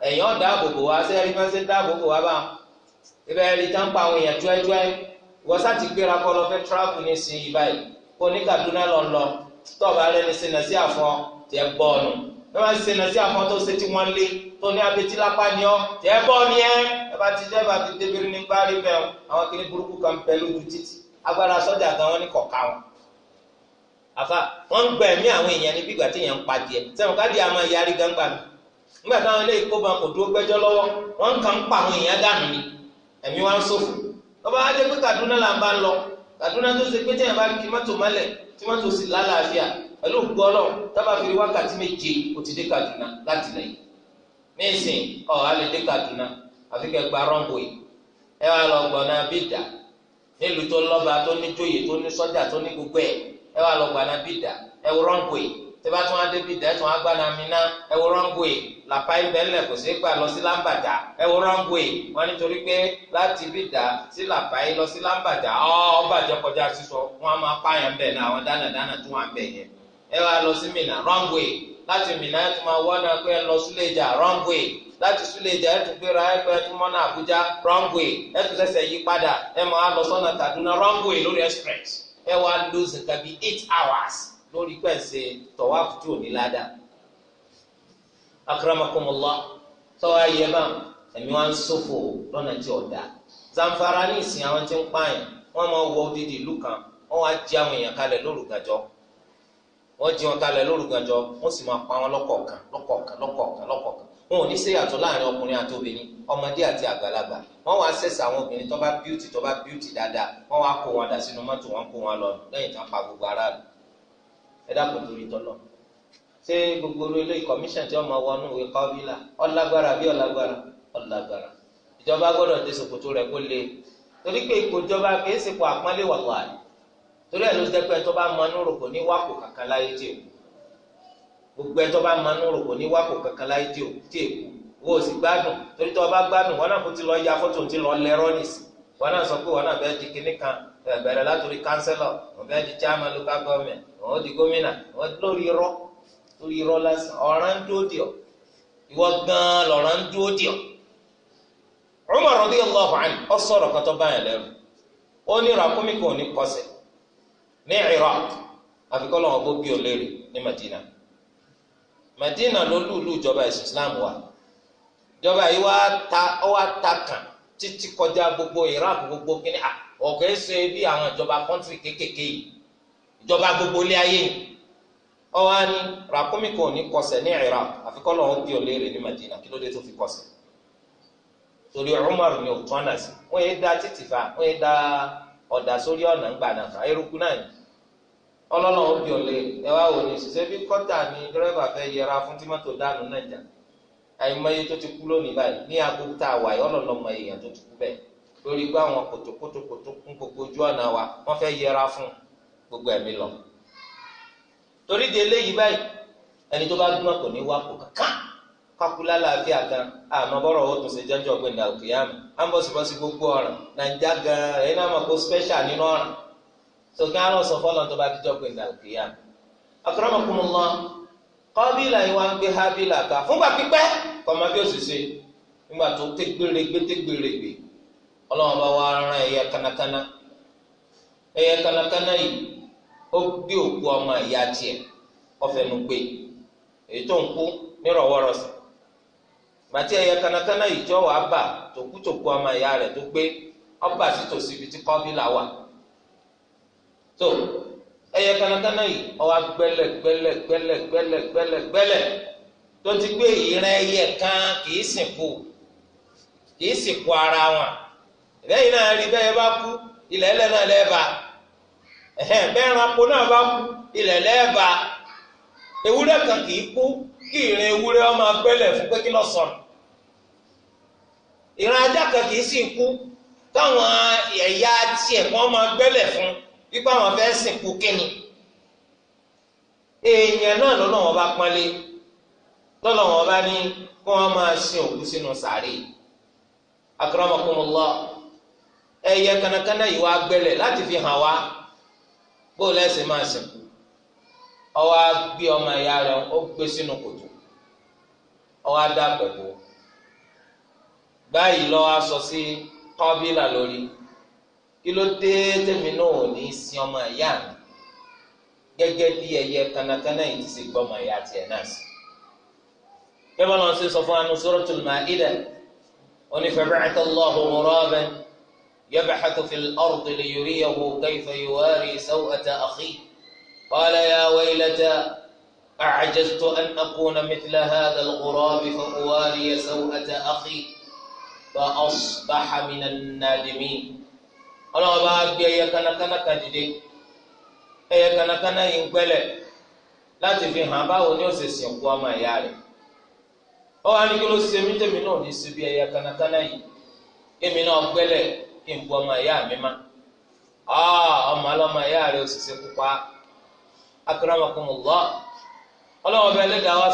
ẹ̀yàn dáàbòbò wá sẹ́ẹ̀rí máa ń ṣe dáàbòbò wá báwọn ibẹ̀ ẹ̀rí tá pa àwọn èèyàn júẹ́júẹ́ wọ́n sá ti gbéra kọ́ lọ fẹ́ tíráàbù ní ìsinyìí báyìí kó ní Kaduna lọlọ tọba rẹ ní sinna sí àfọ tẹ bọọlù bí wọn sinna sí àfọ tó ṣe tí wọn lé tó ní abetí lápá ni ọ tẹ bọ ni ẹ ẹ bá ti jẹ bá ti débìrì ni gbárí bẹ ọ àwọn kìnnì burúkú kan pẹ lójú títì agbára sọjà gan wọn ní kọka wọn àfa wọn ń gba ẹmí àwọn èèyàn ní bígbà tí èèyàn ń pa díẹ̀ sẹwọn káàdì àmọ́ ìyárí gángbà mi nígbà táwọn ilé ìkóba kò dúró gbẹ́jọ́ lọ́wọ́ wọn kàn ń pa àwọn èèyàn dànù ni ẹmí wọn ń ṣòfò adé pé Kaduna là ń bá lọ Kaduna tó ṣe pé tí yẹn bá kí mọ́tò mọ́lẹ̀ tí mọ́tò sì lálàáfíà pẹ̀lú gbọ́lọ̀ tábà fi wákàtí méje kò ti dé Kaduna láti lẹ̀ yìí nísìn ọ̀ á lè dé Kaduna àfi kẹ́ gba rọ́ǹbù yìí ẹ wá lọ gbọ̀nà bídà nílùú tó lọ́ba tó ní jóyè tó ní sọ́jà tó ní gbogbo ẹ̀ ẹ wá lọ gbọ̀nà bídà ẹ wọ rọ́ǹbù yìí tẹ bá tún á bídà ẹ tún á gbà ná ẹ wọ rọ́ǹbù yìí làpá ibẹ̀ ńlẹ̀ kò sí gbà lọ sí lámbàdà ẹ wo rọ́ǹgbé wọn nítorí pé láti bí dà sí làpá yìí lọ sí lámbàdà ọ bàjẹ́ kọjá sísọ wọn a máa pààyàn bẹ̀ náà àwọn dánadáná tún wà bẹ̀ yẹn ẹ wá lọ sí mìnà rọ́ǹgbé láti mìnà ẹ tún máa wọ́n náà pé ẹ lọ sílé ìjà rọ́ǹgbé láti sílé ìjà ẹ tún gbéra ẹ pé ẹ àbújá rọ́ǹgbé ẹ tún yí padà ẹ máa lọ sọ́nà Kaduna lórí express ẹ wá lose nǹkan eight hours lórí pẹ̀sẹ̀ tọ́wáfù tí ò ní ládàá akramakumullah tọ́wọ́ ayé bá ẹ̀mí wọn ṣòfò lọ́nà tí ò dáa Zamfara ní ìsìn àwọn tí ń pààyàn wọ́n máa wọ odidi ìlú kan wọ́n wá jí àwọn èèyàn kalẹ̀ lórúgàjọ́ wọ́n jí wọn kalẹ̀ lórúgàjọ́ wọ́n sì máa pa wọn lọ́kọ̀ọ̀kan lọ́kọ̀ọ̀kan lọ́kọ̀ọ̀kan lọ́kọ̀ọ̀kan wọn ò ní ṣe yàtọ̀ láàrin ọkùnrin àti obìnrin ọmọdé àti àgbàlagbà wọ́n wá ṣẹ̀ṣẹ̀ àwọn obìnrin tó bá bíútì tó bá bíútì dáadáa wọ́n wá kó wọn dà sínú mọ́tò wọn kó wọn lọ lẹ́yìn tó ń pa gbogbo aráàlú ẹ dákun torí tọ́lọ́ọ̀ ṣé gbogbo ilé commission tí wọ́n máa wọnú ìwé kọ́bílà ọ̀làgbára bí ọ̀làgbára ọ̀làgbára ìjọba gbọ́dọ̀ dé ṣòkòtò rẹ̀ kó le torí pé ipò ìjọba kìí ṣe ipò àpọ́nlé wàhálà torí ẹ̀ ló jẹ́ pé ẹ̀tọ́ bá manú rò kò ní wákò kankan láyé tí o gbogbo ẹ̀tọ́ bá manú rò kò ní wákò kankan láyé tí o tí èkó wo ò sì gbádùn torí tó o bá gbádùn wọn náà kò ti lọ ya fọ́tò ti lọ lẹ́rọ́ nìsí wọn náà sọ pé wọn náà bẹ́ẹ̀ di kinní kan bẹ̀rẹ̀ látòrí kánsẹ́lọ̀ wọn bẹ́ẹ̀ di chairman local government wọn ó di gómìnà wọn lórí rọ́ọ̀ torí irọ́ lásán ọ̀ràn ń dúró dì ọ́ ìwọ gan-an lọ̀ràn ń dúró dì ọ́. Umar radiyallahu anhu ọ sọ̀rọ̀ báyìí lẹ́rù ó ní ràkúnmí ní kọsẹ̀ ní Iraq àfikọ́ lọ́wọ́ bó bí olérí ní Madina Madina ló lùlù ìjọba Islam wa ìjọba yìí wá ta ọ wá ta kàn títí kọjá gbogbo Iraq gbogbo kíní ọ̀gá ẹ̀sẹ̀ bí àwọn ìjọba kọ́ńtìrì kéékèèké yìí ìjọba gbogbo ilé ayé yìí ọwọ́ ni ràkúnmí ní kọsẹ̀ ní Iraq àfikọ́ lọ́wọ́ bí Madina kí ló dé tó fi kọsẹ̀ torí Umar ni ò tán náà wọ́n yé da títì fa wọ́n yé da ọ̀dà sórí ọ̀nà ńgbà náà fa eruku náà ni ẹ wá wò ṣiṣẹ́ bí kọ́tà ni fẹ́ yẹra fún tímọ́tò dànù tó ti kú lónìí báyìí ní tá a wà yìí èèyàn tó ti kú bẹ́ẹ̀ lórí àwọn kòtòkòtòkòtò gbogbo ojú gbogbo ẹ̀mí lọ torí di eléyìí báyìí ẹni tó bá gbọ́n kò ní wá kó kankan kakula làáfíà gan àmọ́ bọ́rọ̀ ó tún ṣe jẹ́jọ́ ọ̀gbìn náà òkè yá mi à ń bọ̀sibọ́sí gbogbo ọ̀ràn nàìjà gan ẹ̀yin náà mọ̀ kó special nínú ọ̀ràn sókè àrùn sọ fọ́lọ́ tó bá dijọ́ ọ̀gbìn náà òkè yá mi. akramakumullah kọ́bílà yìí wọ́n ń gbé hábílà ká fúngbà pípẹ́ kọ́mọ bí ó sì ṣe nígbà tó tégbèrègbè tégbèrègbè ọlọ́wọ́n bá wá rán ẹyẹ kánákáná ẹyẹ kánákáná yìí ó gbé òkú ọmọ ìyá tiẹ̀ ọ̀fẹ́nu gbé èyí tó ń kú gbàtí ẹyẹ kanakana yìí wàá bà tòkútòkú ọmọ ìyá rẹ̀ ọba sítòsí ibi tí wà tó ẹyẹ kanakana yìí ọwọ́ gbẹ́lẹ̀ tó ti gbé ìrìn ẹyẹ kan kìí sìnkú kìí ara wọn náà rí bẹ́ẹ̀ bá kú ilẹ̀ ẹlẹ́ náà lẹ́ẹ̀ bá ẹ̀hẹ́n bẹ́ẹ̀ranko náà bá kú ilẹ̀ lẹ́ẹ̀bà ewúrẹ́ kan kì í kú kí ìrìn ewúrẹ́ ọmọ agbẹ́lẹ̀ fún pé kí lọ sọ̀rọ̀ ìran ajá kan kì í sì kú táwọn ẹ̀yà tiẹ̀ kan ọmọ fún pípa àwọn fẹ́ sìnkú kínni èèyàn náà lọ́nà wọn bá pọ́nlé lọ́nà wọn bá ní máa sin òkú sínú sàárè ẹ̀yẹ kanakana yìí wá fi hàn wá. bó lẹ́sẹ̀ máa sìnkú ọwọ́ á gbé ọmọ ìyá rẹ̀ ó gbé sínú kòtò ọwọ́ dá pẹ̀bù báyìí lọ́wọ́ á sọ sí kọ́bílà lórí kí ló dé tèmi náà ò ní sin ọmọ ìyá mi gẹ́gẹ́ bí ẹyẹ kanakana yìí ti ṣe gbọ́ ọmọ ìyá tiẹ̀ náà sí. kí wọ́n lọ sí sọ fún anu Suratul Ma'idah onífẹ̀ẹ́ bẹ́ẹ̀ tó lọ́ọ̀hún rọ́ọ̀bẹ́ni. يبحث في الأرض ليريه كيف يواري سوءة أخيه قال يا ويلتى أعجزت أن أكون مثل هذا الغراب فأواري سوءة أخي فأصبح من النادمين ọlọ́wọ́ bá gbé ẹyẹ kánakáná kan dìde ẹyẹ kánakáná yìí ń gbẹ́lẹ̀ láti fi hàn báwo ni ó sì sìnkú ọmọ ìyá rẹ̀ ó wá ní kí ló ṣe mí tèmi náà ní síbi ẹyẹ kánakáná yìí èmi náà gbẹ́lẹ̀ kí n bu ọmọ ìyá mi má ah, ọmọ ọlọmọ ìyá rẹ òṣìṣẹ́ pupa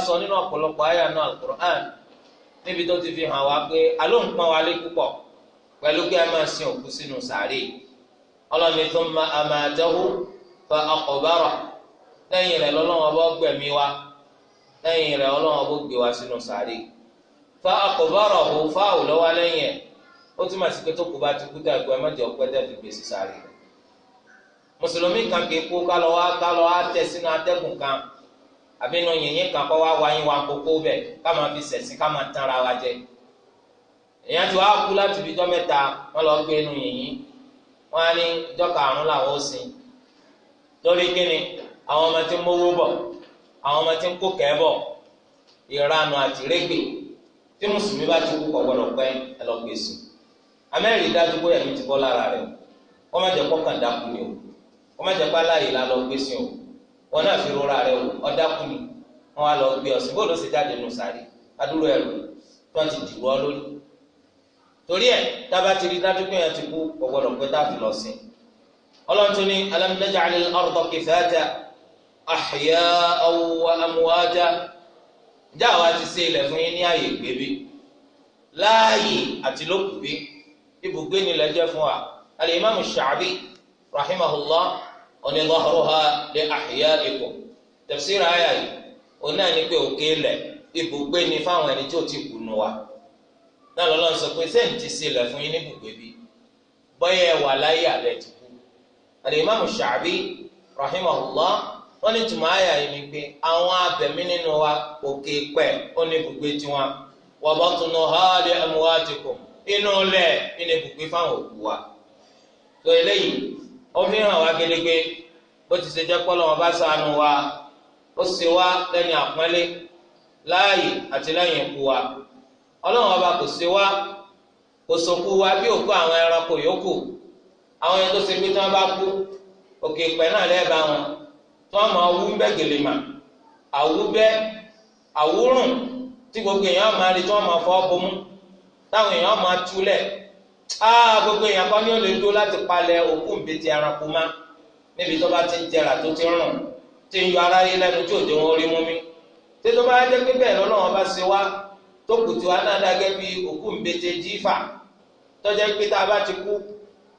sọ nínú ọ̀pọ̀lọpọ̀ aya náà alukur'an níbi tó ti fi hàn wá pé pé a máa sin òkú sínú sàárè ọlọ́mi tó ma amatahu fa aqbara lẹ́yìn rẹ̀ lọ́lọ́wọ́ bọ́ wa gbé wa fa ó túmọ̀ sí pé tó kú bá ti kú dàgbò ẹ mọ̀jẹ̀ fi gbèsè sáré rẹ̀ mùsùlùmí kan kì í kú ká lọ wá ká lọ wá tẹ̀ sínú atẹ́gùn kan àbí inú yìnyín kan kọ́ wá wa kókó bẹ̀ ká máa fi sẹ̀sìn ká máa tán ara wa jẹ èèyàn ti wá kú láti ibi ijọ́ mẹ́ta lọ gbé inú yìnyín á ní làwọn ó lórí kíni amẹ́rì dájú pé ẹ̀mí ti bọ́ lára rẹ̀ kọ́ má jẹ́ kọ́kàn dákú ni o kọ́ má jẹ́ pé aláyè la lọ gbé sí o wọn náà fi rora rẹ̀ o ọ dákú ni wọn á lọ gbé ọ sí bóòlù ó sì jáde nù sáré adúrò ẹrù tó ti dìbò ọ lórí torí ẹ tábà ti rí dájú pé yẹn ti kú ọgbọ́dọ̀ pé tá a fi lọ sí ọlọ́tún ní alam naj'al al-arda kifata ahya'a wa amwata ǹjẹ́ ti ṣe ilẹ̀ fún yín ní ibùgbé nílẹ̀ jẹ́ fún wa alimami sha'abi rahimahullah oní dhahruha li ahya'ikum tafsir aya yìí oní àní pé òkè lẹ̀ ibùgbé ni fáwọn ẹni tí o ti kùnú wa náà lọ́lọ́ sọ pé ti sí ilẹ̀ fún yín ní ibùgbé bí bọ́yẹ̀ wà láyé àbẹ̀ ti kú alimami sha'abi rahimahullah wọ́n ní tùmọ̀ àyà yìí ni pé àwọn abẹ̀mí nínú wa òkè pẹ̀ ibùgbé tiwọn inú lẹ̀ nínú ibùgbé fáwọn òkú wa tó eléyìí ó fi hàn wá gedegbe bó ti ṣe jẹ́ pọ́lọ́ wọn bá ṣàánú wa ó sì wá lẹ́ni àpọ́nlé láàyè àti lẹ́yìn ikú wa ọlọ́run ọba kò sí wa kò sòkú wa bí òkú àwọn ẹranko yòókù àwọn ẹni tó ṣe tí bá kú òkè náà wọn tí máa wú àwú àwúrùn tí gbogbo èèyàn máa tí máa táwọn èèyàn máa túlẹ̀ Aa ah, gbogbo èèyàn kan ní o lè dúró láti palẹ̀ òkú ìbejì ẹranko má níbi tó bá ti ń jẹrà tó ti rùn tí ń yọ aráyé lẹ́nu tí òjò orí mú tí tó jẹ́ pé bẹ́ẹ̀ náà bí òkú jífà tọ́jà pé tá a ti kú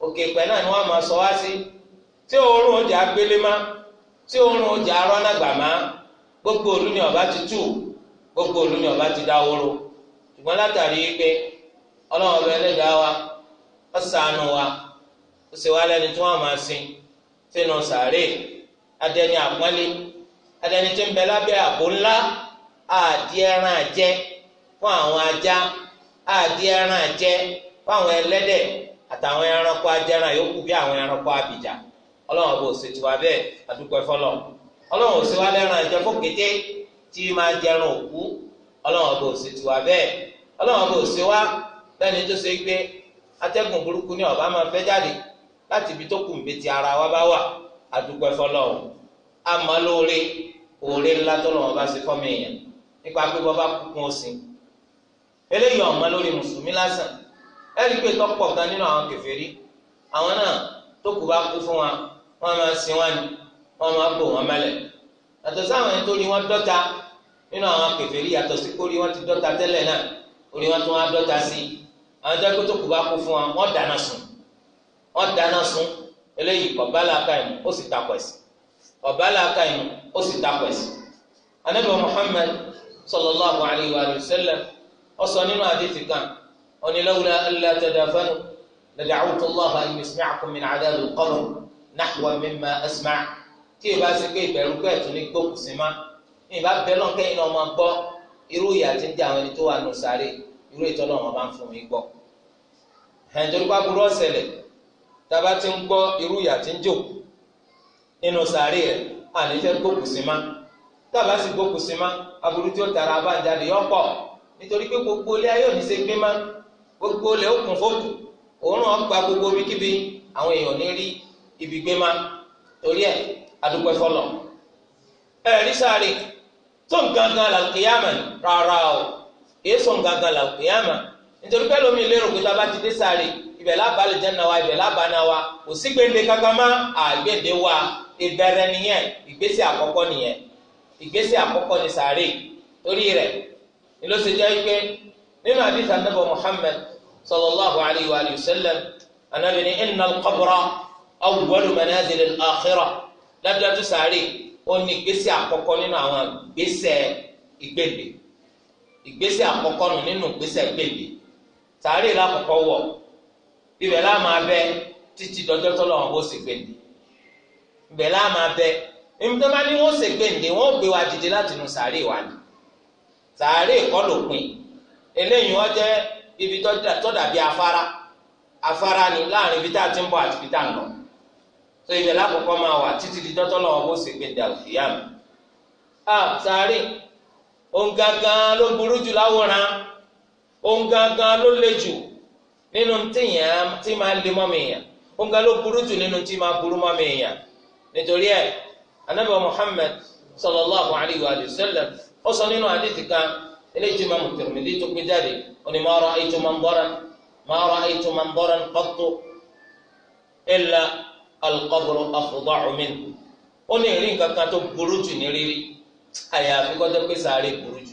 òkè ìpẹ́ náà ni wọ́n máa sọ wá sí ọjà gbélé má tí ọjà rọ́nàgbà má gbogbo ti tù gbogbo ni ọba ti ọlọ́run ọbẹ̀ ẹlẹ́dàá wa ó wa ó wá lẹ́ni tí wọ́n máa sin sínú sàárè adẹni àpọ́nlé adẹni tí ń bẹ lábẹ́ àpò ńlá fún àwọn ajá àdí ẹran fún àwọn ẹlẹ́dẹ̀ àtàwọn ẹranko ajẹran yòókù bí àwọn ẹranko abìjà bẹ́ẹ̀ àdúgbò fún kété tí máa jẹran òkú bẹ́ẹ̀ lẹ́ni tó ṣe pé atẹ́gùn burúkú ni ọ̀bá máa fẹ́ jáde láti ibi tó kù mbẹ́tì ara wa bá wà àdúgbò ẹ̀fọ́lọ́ o àmọ́ lóore òòrè ńlá tó lọ́wọ́ bá ṣe fọ́mọ èèyàn nípa pé wọ́n bá kúkún òsìn eléyìí ọ̀mọ́ lórí mùsùlùmí lásán ẹ̀rí pé tọ́pọ̀ kan nínú àwọn kèfèrí àwọn náà tó kù bá kú fún wa wọ́n máa sin wọn ni wọ́n máa bò wọ́n mẹ́lẹ̀ yàtọ̀ sáwọn ẹni tó rí wọn dọ́ta nínú àwọn kèfèrí yàtọ̀ sí kó rí wọn ti dọ́ta tẹ́lẹ̀ náà orí wọn tún wá dọ́ta sí i àwọn tó kó tó kù bá kó fún wa wọ́n dáná sun wọ́n dáná sun eléyìí ọ̀bá làákà ìmú ó sì takọ̀ ẹ̀sìn ọ̀bá làákà ìmú ó sì takọ̀ ẹ̀sìn. anabi muhammad sallallahu alayhi wa sallam ó sọ nínú àdìtì kan ó ní lawla alla tadafanu lada'awtu allaha an yusmi'akum min adhabil qabr nahwa mimma asma' tí ìbá ṣe pé ìbẹ̀rù pẹ̀ tún ní gbókùsí má ìbá bẹ́ẹ̀ lọ́nkẹ́yìn náà máa gbọ́ irú ìyà tí ń àwọn ẹni tó wà nù sáré irú ìtọ́nà wọn bá ń fún mi gbọ́ ẹ̀ torí pa burú ọ̀sẹ̀lẹ̀ tàbá ti ń gbọ́ irú ìyà tí ń jò nínú sàárè rẹ̀ ànífẹ́ gbókù sí ma tàbá sì gbókù sí ma aburú tí ó tara abájáde yọ pọ̀ nítorí pé gbogbo ilé ayé òní ṣe gbé ma gbogbo ilé ó kún òórùn ọgbà gbogbo ibikíbi àwọn èèyàn ní rí ibi gbé ma torí ẹ̀ adúpẹ́ fọlọ́ ẹ̀rí sáré tó ń gangan làkèyàmà rárá o èso ń gangan làkèyàmà nítorí pẹ́ lómi lérò pé tábà ti dé sáré ibẹ̀ lábàá lè jẹ́nà wa ibẹ̀ lábàá náà wa kò sí gbèǹde kankan mọ́ àgbèǹde wa ìbẹ̀rẹ̀ nìyẹn ìgbésẹ̀ àkọ́kọ́ nìyẹn ìgbésẹ̀ àkọ́kọ́ ni sáré torí rẹ̀ ni ló ṣe jẹ́ pé nínú àdìs anábì Muhammad sallallahu alayhi wa sallam anábì ní inna al-qabra awwalu manazil al-akhirah dájúdájú sáré ó ní ìgbésẹ̀ àkọ́kọ́ nínú àwọn ìgbésẹ̀ ìgbèǹde ìgbésẹ̀ àkọ́kọ́ nínú ìgbésẹ̀ ìgbèǹde sàárè lákòókò wọ̀ ibẹ̀ láà máa bẹ títí dọjọ́ tọ́lọ̀ wọn bó ṣe gbèǹde ibẹ̀ láà máa bẹ èmi tó bá ní wọ́n ṣe gbèǹde wọ́n gbé wa dìde láti nu sàárè wa ni sàárè kọ́ ló pin eléyìí wọ́n jẹ́ ibi tó dàbí afárá afárá ni láàrin ibi tá a ti ń bọ̀ àti ibi tá a ń lọ tó ibẹ̀ lákòókò máa wà títí dọjọ́ tọ́lọ̀ wọn bó ṣe gbèǹde àlùfíàmù ah sàárè òun gangan ló burú jù láwòrán ohun gangan ló le jù nínú tíyàn tí máa le mọ́ mi yàn ohun gangan ló burú jù nínú tí máa burú mọ́ mi yàn nítorí ẹ̀ anabi muhammed sallallahu alayhi wa sallam ó sọ nínú àdìsí kan eléyìí tí Imam Tirmidhi tó gbé jáde ó ní ma ra'aytu manzaran ma ra'aytu manzaran qattu illa al-qabru afda'u minhu ó ní ìrí nǹkan tó burú jù ní rírí àyàfi kọ́tọ́ pé sàárè burú jù.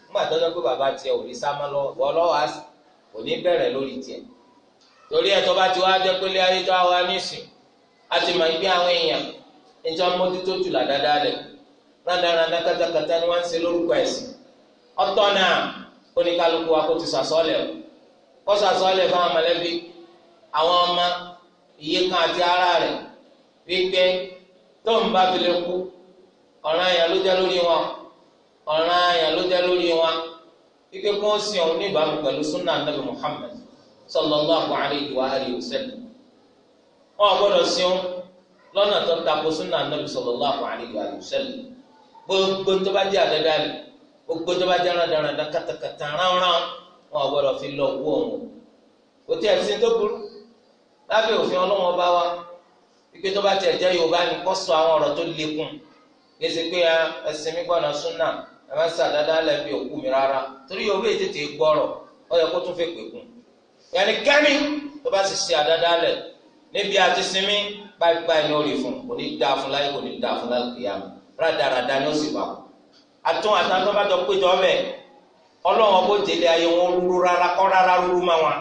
nígbà tó dọ́gbé bàbá tiẹ̀ ò rí sámá lọ wọ́n lọ́wọ́ á sì kò ní bẹ̀rẹ̀ lórí tiẹ̀ torí ẹ̀ tó bá ti wá jẹ́ pélé ayé tó wá nísìn á ti mọ̀ ibi àwọn èèyàn níjọ́ mójútó jù là dáadáa lẹ̀ rádaràdá kátàkátà ni wọ́n ń ṣe lórúkọ ẹ̀sìn ọ̀tọ̀ náà oníkálukú wa kò ti sàsọ́ọ̀lẹ̀ o kó sàsọ́ọ̀lẹ̀ fáwọn mọ̀lẹ́bí àwọn ọmọ iye kan àti ara rẹ̀ wípé tó ń bá fi lè kú ọ̀ràn yẹn lórí wọn ọ̀ràn àyàn ló jẹ́ lórí wa ike kó sí ọ̀hún ní ìbámu pẹ̀lú sunnah nabi muhammad sallallahu alayhi wa alihi wa sallam wọn gbọ́dọ̀ sí ọ lọ́nà tó tako sunnah nabi sallallahu alayhi wa sallam gbogbo tó bá jẹ́ àdáda rẹ̀ gbogbo tó bá jẹ́ rádaràdà kàtàkàtà ránran wọn gbọ́dọ̀ fi lọ wú ọ̀hún kò tí ẹ̀ sí tó burú lábẹ́ òfin ọlọ́wọ́n bá wa ike tó bá tiẹ̀ jẹ́ yorùbá ni kó sọ àwọn ọ̀rọ̀ tó lékún kí ẹ ṣe pé ah, ẹsìn mi gbọ́dọ̀ sunnah ẹ má sà dáadáa lẹ bí òkú mi rárá torí yòówù èyí tètè gbọ́rọ̀ ó yẹ kó tún fẹ́ pè kún yẹnì kẹ́mi tó bá sì ṣe àdáadáa lẹ níbi àti sinmi báyìí ní orí fún kò ní dáa fún láyé kò ní dáa fún láyé kìí àmì rádaràda ni ó sì wà. àtún àtàtọ́ bá jọ péjọ ọbẹ̀ ọlọ́run ọbọ̀ délé ayé wọn rúru rárá kọ́ rárá rúru má wọn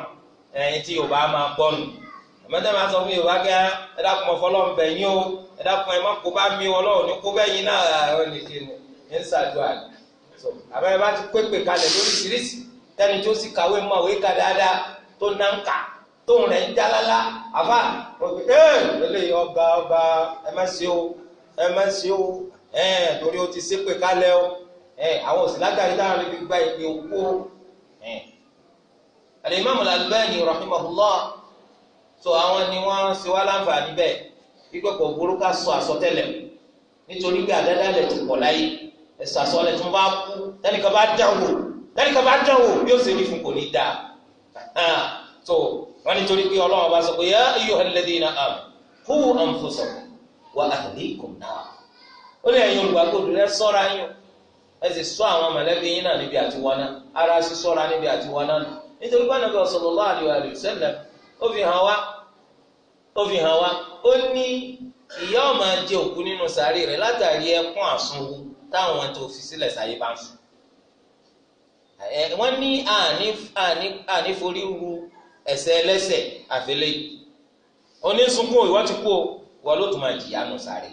ẹ̀yìn tí yorùbá máa gbọ́nu àmọ́tẹ́ máa sọ fún yorùbá gẹ́ ah, ẹ dákun ọ̀fọ́ lọ́n bẹ̀ yín o ẹ dákun ẹ má kó bá mi ọlọ́run ní kó bẹ́yìn náà ẹ ń ṣàdúrà ni àbẹ́ bá ti pépè kalẹ̀ lóríṣiríṣi tẹ́ni tó sì kàwé mọ̀ òwe ka dáadáa tó ná ń kà tó ń rẹ̀ ń jálálá àbá òbí ẹ̀ eléyìí ọba ọba ẹ má ṣe o ẹ má ṣe o torí o ti ṣépè kalẹ̀ o ẹ àwọn òsì lágbàáyé táwọn lè fi gba ìpè òkú o ẹ. Al-Imam Al-Albani rahimahullah so àwọn ni wọ́n ṣe wá láǹfààní bẹ́ẹ̀ ikú ẹ̀kọ́ burúkú sọ àsọtẹ́lẹ̀ nítorí pé àdádálẹ̀ ti pọ̀ láyé ẹ̀sà sọ́lẹ̀ tí wọ́n bá kú tẹ́nìkan bá dán wò tẹ́nìkan bá dán wò yóò ṣe ní fún kò ní dáa tó ah, wọ́n ní torí pé ọlọ́run bá sọ pé yá ayyuhal ladhina amanu qu anfusakum wa ahlikum nar ó lè ẹ̀yin olùgbàgbọ́dọ̀ rẹ sọ́ra yín ẹ sì sọ àwọn mọ̀lẹ́bí yín náà níbi àti wọn náà ara sì sọ́ra níbi àti wọn náà nítorí pé Ànábì sallallahu alaihi wa ó fi hàn wá ó fi hàn wá ó ní táwọn tó fi sílẹ̀ sáyé bá ń fún wọ́n ní àní àní àní forí ru ẹ̀ṣẹ̀ ẹlẹ́ṣẹ̀ àfẹlẹ́ onísunkún ìwọ́n ti kú o wọ́n ló tún máa jìyà nù sáré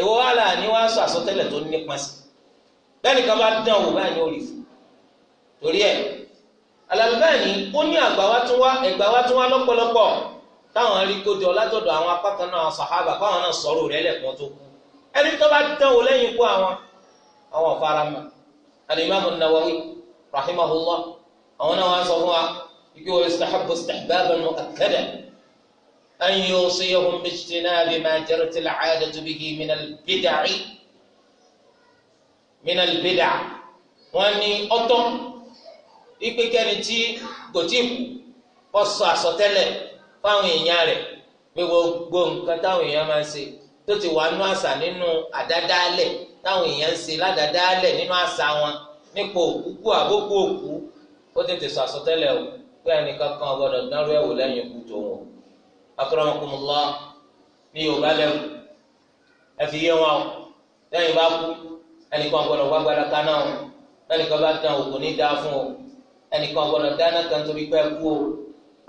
ìwọ wà là ní wàá sọ àsọtẹ́lẹ̀ tó nípa sí bẹ́ẹ̀ nìkan bá dán wò báyìí ó rí fún torí ẹ̀ Al-Albani ó ní àgbàwá tún wá ẹ̀gbàwá tún wá lọ́pọ̀lọpọ̀ táwọn rí kó jọ látọ̀dọ̀ àwọn apá náà sàhábà káwọn náà sọ̀rọ̀ rẹ̀ lẹ́kọ̀ọ́ tó kú ẹni tó bá dán wò lẹ́yìn ikú àwọn àwọn ọ̀farama alimami nawawi rahimahullah àwọn náà wá sọ fún wa ike wọ́n istahabu istahbaban mu'akkada an yusiyahum bijtinabi ma jarat al-'adatu bihi min al-bid'i min al-bid'a wọ́n ní ọ̀tọ̀ ipe kẹni tí kò tí kò sọ àsọtẹ́lẹ̀ fáwọn èèyàn rẹ̀ gbogbo nǹkan táwọn èèyàn máa ń ṣe tó ti wà nínú àṣà nínú àdádálẹ̀ táwọn èèyàn ń ṣe ládàádálẹ̀ nínú àṣà wọn nípa òkú kú àbókù òkú ó tètè sọ àsọtẹ́lẹ̀ o pé ẹnìkan kan gbọ́dọ̀ dánrú ẹ̀wò lẹ́yìn ikú tó wọn. akramakumullah ní yorùbá lẹ́wù ẹ fi yé wọn o lẹ́yìn bá kú ẹnìkan gbọ́dọ̀ wá gbára kaná o lẹ́nìkan bá dán òkú ní dáa fún o ẹnìkan gbọ́dọ̀ dáná kan torí pé kú o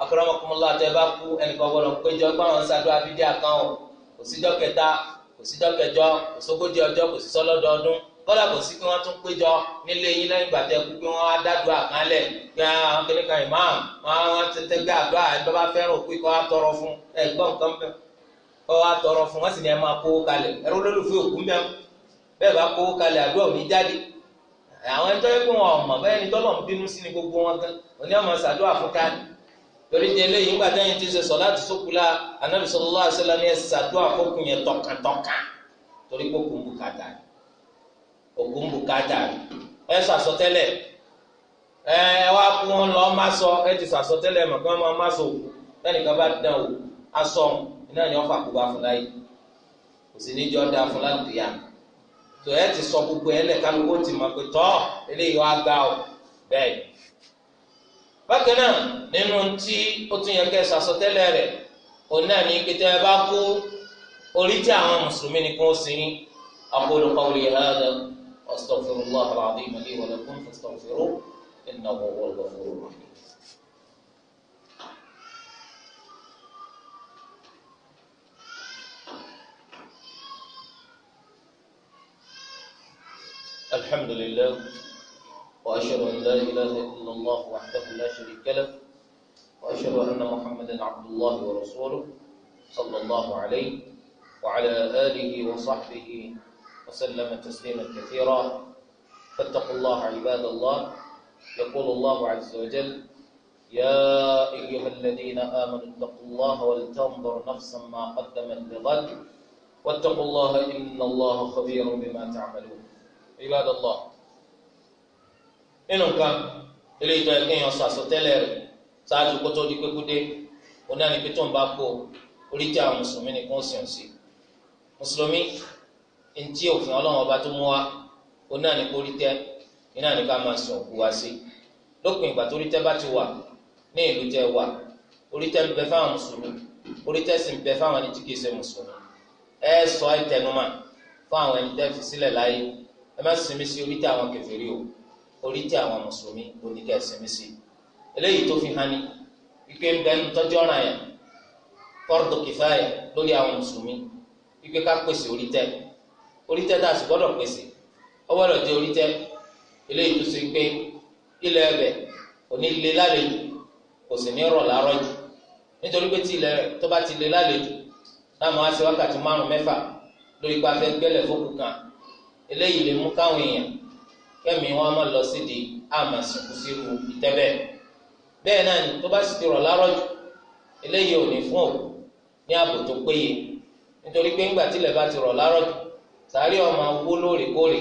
akramakumullah tẹ bá kú ẹnìkan gbọ́dọ̀ péjọ pé síjọ́ kẹta kò síjọ́ kẹjọ kò sógójì ọjọ́ kò sí sọ́lọ́dọọdún kọ́lá kò sí pé wọ́n tún péjọ nílé yín lẹ́yìn ìgbà tẹ́ kú pé wọ́n á dádùá àkánlẹ̀ pé àwọn kìnnìkan imam wọn wọn tẹ́tẹ́ gbé àdúrà ẹgbẹ́ bá fẹ́ràn òkú ikọ̀ àtọrọ fún ẹgbọ́n nǹkan bẹ́ẹ̀ kọ́ àtọrọ fún wọ́n sì ní ẹ máa kówó kalẹ̀ ẹrú lólùfẹ́ òkú mẹ́rin bẹ́ẹ̀ bá kówó kalẹ̀ àdúrà òní jáde àwọn ẹjọ́ yẹ kó wọn ọ̀mọ̀ bẹ́ẹ̀ ni tọ́lọ̀ ń bínú sí ni gbogbo wọn gan òní ọmọ ṣàdúrà fún káàdì torí di eléyìí ńgbà ti ṣe sọ̀láàtì sókù la anabi sallallahu alaihi wasallam ní ẹ ṣàdúrà fókun yẹn tọkàntọkàn torí pé òkú ń bùkátà òkú ẹ ṣàsọtẹ́lẹ̀ ẹ wá kú wọn lọ má sọ ẹ ti ṣàsọtẹ́lẹ̀ ẹ kí wọ́n máa má sọ òkú bá dán o iná ni fà kú bá kò tó ti sọ gbogbo ẹ bákan náà nínú tí ó tún yẹ kẹ́ sàsọtẹ́lẹ̀ rẹ̀ òun náà ní kété ẹ bá kú orí tí àwọn mùsùlùmí ni ó si aqulu qawli hadha astaghfirullah al-azim li wa lakum fastaghfiruhu innahu huwal ghafurur rahim. الحمد لله وأشهد أن لا إله إلا الله وحده لا شريك له وأشهد أن محمدا عبد الله ورسوله صلى الله عليه وعلى آله وصحبه وسلم تسليما كثيرا فاتقوا الله عباد الله يقول الله عز وجل يا أيها الذين آمنوا اتقوا الله ولتنظر نفسا ما قدمت لغد واتقوا الله إن الله خبير بما تعملون عباد الله nínú nǹkan eléyìí tó yẹ kéèyàn sọ àsọtẹ́lẹ̀ rẹ̀ ṣáájú kó tó di pékúdé òun náà ní pé tó ń bá kó orí tí àwọn mùsùlùmí nìkan sì ń sí mùsùlùmí ní tí òfin ọlọ́run ọba tó mú wa òun náà ní pé orí tẹ iná ní ká máa sùn òkú wa sí lópin ìgbà tó orí tẹ bá ti wà ní ìlú tẹ wà orí tẹ ń bẹ fáwọn mùsùlùmí orí tẹ sì ń bẹ fáwọn ẹni tí kìí ṣe mùsùlùmí ẹ sọ ìtẹnumọ́ fún àwọn ẹni tẹ fi sílẹ̀ láyé ẹ má sinmi sí orí tẹ àwọn kèfèrí o orí tí àwọn mùsùlùmí oníkẹ́ ẹ̀sìnmí sí eléyìí tó fi hàn ní wípé ń bẹnu tọ́jú ọ̀ràn yẹn fọ́rọ̀dù kìfáyà lórí àwọn mùsùlùmí wípé ká pèsè orí tẹ́ orí tẹ́ tá a sì gbọ́dọ̀ pèsè ó gbọ́dọ̀ jẹ́ orí tẹ́ eléyìí tó ṣe pé ilẹ̀ ẹ̀bẹ̀ òní lè lálejò kò sì ní rọ̀ láàárọ̀ jù nítorí pé tí tó bá ti lè lálejò láwọn á ṣe wákàtí márùn-ún mẹ́fà lórí pàfẹ́ gbẹ́lẹ̀ fókù kan eléyìí lè mú káwọn èèyàn kẹ́mi wọn máa lọ sídìí àmà sìnkú sírú ìtẹ́bẹ̀ bẹ́ẹ̀ náà ni tó bá sì ti rọ̀ lárọ́jù eléyìí ò ní fún òkú ní ààbò tó péye nítorí pé ńgbà tílẹ̀ bá ti rọ̀ lárọ́jù sàárì ọmọ wó lóòrèkóòrè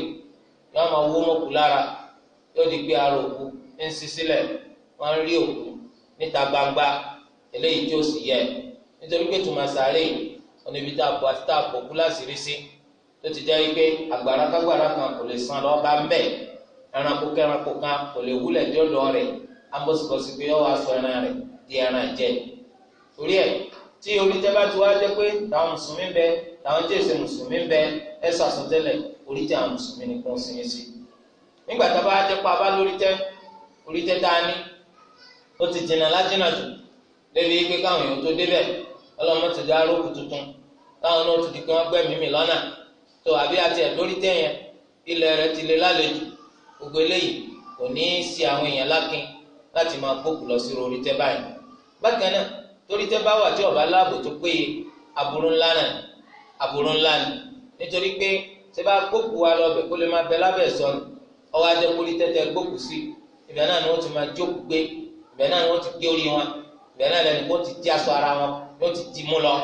yóò máa wó mọ́kù lára yóò di pé ara òkú ń sí sílẹ̀ wọ́n ń rí òkú níta gbangba eléyìí tí ó sì yẹ nítorí pé tùmọ̀ sàárì oníbi tá a bọ̀ àti tá a bọ̀ kú láṣìírí sí tó ti jẹ́ pé àgbàrá kágbàrá kan kò lè san lọ́ọ́ bá ń bẹ̀ẹ́ ẹranko kẹranko kan kò lè wúlẹ̀ tí ó dọ̀ rẹ̀ ambosibosi pé yọ sọ ẹran rẹ̀ di ẹran jẹ torí ẹ tí orí tẹ bá ti wá jẹ pé táwọn mùsùlùmí bẹ táwọn jèsè mùsùlùmí bẹ ẹ sàsọtẹlẹ orí tẹ àwọn mùsùlùmí ni kún sinmi sí nígbà tá a bá jẹ pa a bá lórí tẹ orí tẹ tá a ní ó ti jìnnà lájìnnà jù débi pé káwọn èèyàn tó débẹ̀ ọlọmọ ti dá arókù tuntun táwọn ti di pé wọn ti gbogbo eléyìí kò ní í ṣe àwọn èèyàn lákin láti máa gbókù lọ sí orí tẹ báyìí bákan náà torí tẹ bá wà tí ọba láàbò tó péye aburú ńlá náà aburú ńlá ni nítorí pé tẹ bá gbókù wa lọ bẹ kó lè máa bẹ lábẹ sọnù ọwọ ajẹ kó lè tẹtẹ gbókù sí ibẹ̀ náà ni wọn ti máa jókòó gbé ibẹ̀ náà ni wọn ti gé orí wọn ibẹ̀ náà lẹni kó ti di aṣọ ara wọn yóò ti di mú lọ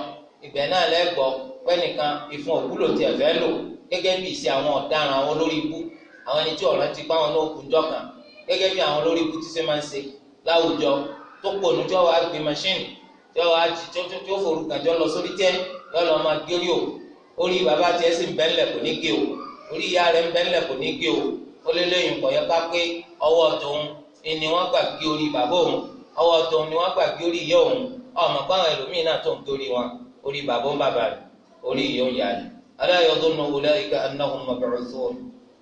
ibẹ̀ náà lẹgbọ pẹnìkan ìfún òwúlò tiẹ̀ fẹ́ lò gẹ́gẹ́ bí ìṣe àwọn ọ̀daràn àwọn olórí ibú àwọn ẹni tí ọ̀rọ̀ ti pa àwọn náà kú jọ́kà gẹ́gẹ́ bí àwọn olórí ikú ti ṣe máa ń ṣe láwùjọ tó pònú tí wọ́n á gbé machine tí wọ́n á ti tó tó forúkàjọ lọ sórí tẹ́ yọ lọ máa gé o orí bàbá tiẹ̀ sì ń bẹ́ńlẹ̀ kò ní gé o orí ìyá rẹ̀ ń bẹ́ńlẹ̀ kò ní gé o ó lé lẹ́yìn kọ̀ yẹ ká pé ọwọ́ tòun ni wọ́n gbà gé orí bàbá òun ọwọ́ tòun ni wọ́n gbà gé orí ìyá òun ọmọ pàwọn ẹlòmíín náà tó ń torí wọn orí bàbá ń bàbá rẹ̀ orí ìyá òun yà ni. aláyọ̀dún náà wọlé ẹ̀ka anáhùn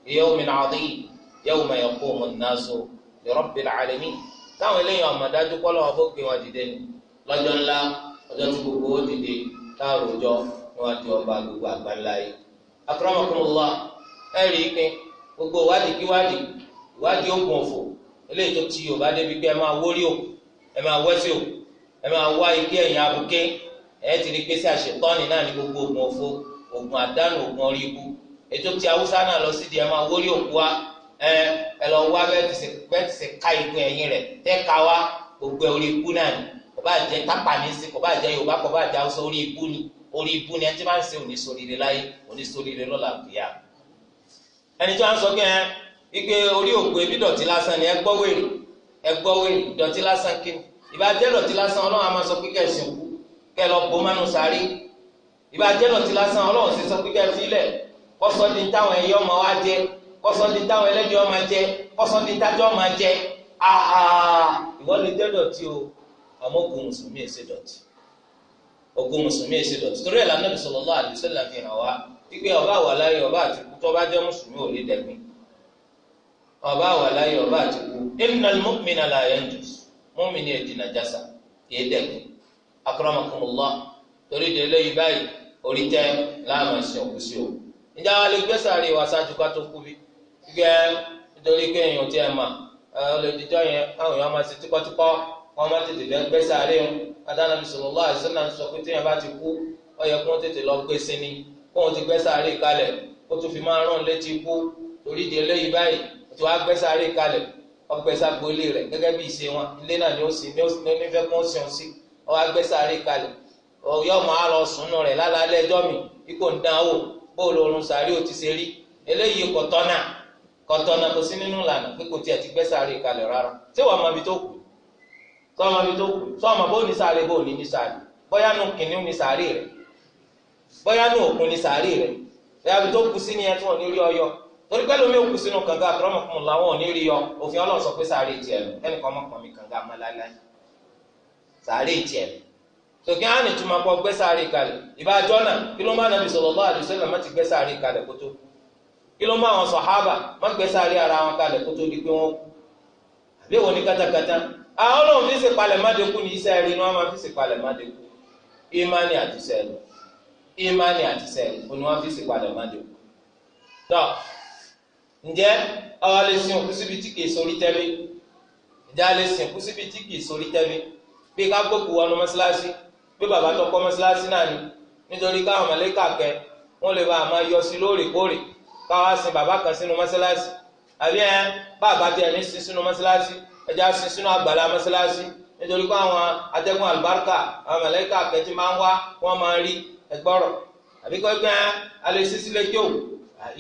يوم عظيم يوم يقوم الناس لرب العالمين rabbil alamin táwọn eléyìí ọmọ dájú kọ́lọ́ wọn fókè wọn dìde ni lọ́jọ́ ńlá ọjọ́ tí gbogbo ó dìde táàrò jọ níwájú ọba gbogbo àgbáńlá yìí. akramakumullah ẹ rí i pé gbogbo ìwádìí kíwádìí ìwádìí oògùn òfò eléyìí tó ti yorùbá débi pé ẹ máa wórí o ẹ máa wẹ́sẹ̀ o ẹ máa wá ike ẹ̀yìn abuké ẹ ti rí i pé sí náà ní gbogbo oògùn òfò oògùn àdánù oògùn orí ibu ètò ti haúsá náà lọ sídìí ẹ máa wórí òkú wa ẹ ẹ lọ wá bẹ́ẹ̀ ti ṣe ká ìpín ẹ̀yìn rẹ̀ tẹ́ ka wá gbogbo ẹ̀ orí ikú náà ni kò bá jẹ́ tápà ní sí kò bá jẹ́ yorùbá kò bá jẹ́ haúsá orí ikú ni orí ikú ni ẹ ti máa ń ṣe oníṣòrire láyé oníṣòrire lọ́la kìíyà. ẹni tí wọ́n sọ pé ẹ wípé orí òkú ebi dọ̀tí lásán ni ẹ gbọ́ wèrè ẹ gbọ́ wèrè dọ̀tí lásán kí ni ìbàjẹ́ dọ̀tí lásán ọlọ́run á máa sọ pé kẹ̀sìn òkú kẹ kọ́sọ́ di táwọn ẹyẹ ọmọ wa jẹ kọ́sọ́ di táwọn ẹlẹ́jẹ̀ ọmọ jẹ kọ́sọ́ di tájọ́ ọmọ jẹ aha ìwọ lè jẹ́ dọ̀tí o àmọ́ ogun mùsùlùmí èsè dọ̀tí ogun mùsùlùmí èsè dọ̀tí torí ẹ̀ lànà sallallahu alaihi wasallam fi hàn wá pípé ọba wà láyé ọba àtìkú tó bá jẹ́ mùsùlùmí ò lè dẹ̀gbin ọba wà láyé ọba àtìkú innal mu'mina la yanjus mu'mini èdè nàjàsà ǹjẹ́ àwa lè gbé sàárè wa ṣáájú ká tó kú bí gbẹ nítorí pé èèyàn tí ẹ mà olùdíjọ yẹn àwọn èèyàn máa ṣe tipọ́tipọ́ wọn máa tètè bẹ́ẹ̀ gbé sàárè wọn adáná bisimilá àṣìṣẹ́nà ń sọ pé téèyàn bá ti kú ó yẹ kó tètè lọ gbé sí ni kó wọn ti gbé sàárè kalẹ̀ kó tó fi máa rán létí ikú torí di eléyìí báyìí tó wá gbé sàárè kalẹ̀ ọgbẹ́ sàgbólé rẹ̀ gẹ́gẹ́ bí ìṣe wọn ilé náà ni ó sì ní onífẹ́ kó sì ń sí ó wá gbé sàárè kalẹ̀ ọ̀yọ́ mọ́ àlọ́ sùn nù rẹ̀ lálálẹ́ ẹjọ́ mi ikú ń dán wò bóòlù oorun sàárì ò ti ṣe rí eléyìí kọtọ́nà kọtọ́nà kò sí nínú ìlànà pé kò tiẹ̀ ti gbé sàárì kalẹ̀ rárá ṣé wàá mọ ibi tó kù sọ ọmọ ibi tó kù sọ ọmọ bó ní sàárì bó ní ní sàárì bóyá nù kìnìún ní sàárì rẹ bóyá nù òkun ní sàárì rẹ bóyá ibi tó kù sí ni ẹ tí wọn ní rí ọyọ torí pẹ́ lómi òkú sínú kànga àtọ́rọ́mọkùnrin làwọn ò ní rí ọ òfin Ọlọ́run sọ pé sàárì tiẹ̀ lọ ẹnìkan ọmọkùnrin mi kànga mọ́ láéláé tòkí á ní túmọ̀ pọ̀ gbé sáré kalẹ̀ ìbájọ́ náà kí ló má nàbì sallallahu alaihi wasallam má ti gbé sáré kalẹ̀ kótó kí ló má àwọn sàhábà má gbé ara wọn kalẹ̀ di pé kú àbí wọn ní katakata àwọn fi palẹ̀ má dekú ní iṣẹ́ rí ni wọ́n máa fi palẹ̀ má dekú ni fi palẹ̀ má dekú. ǹjẹ́ lè pé bàbá tó kọ́ mọ́sálásí náà ni nítorí káwọn mọ̀lẹ́kà kẹ wọ́n lè bá a máa yọ sí lóòrèkóòrè káwọn á sin bàbá kan sínú mọ́sálásí àbí ẹ bàbá tí ẹni sin sínú mọ́sálásí ẹjẹ́ á sin sínú àgbàlá mọ́sálásí nítorí káwọn atẹ́gùn àlùbáríkà àwọn mọ̀lẹ́kà kẹ ti máa ń wá wọ́n máa rí ẹgbọ́rọ̀ àbí kọ́ gbẹ́ alẹ́ sísí lẹ́kíó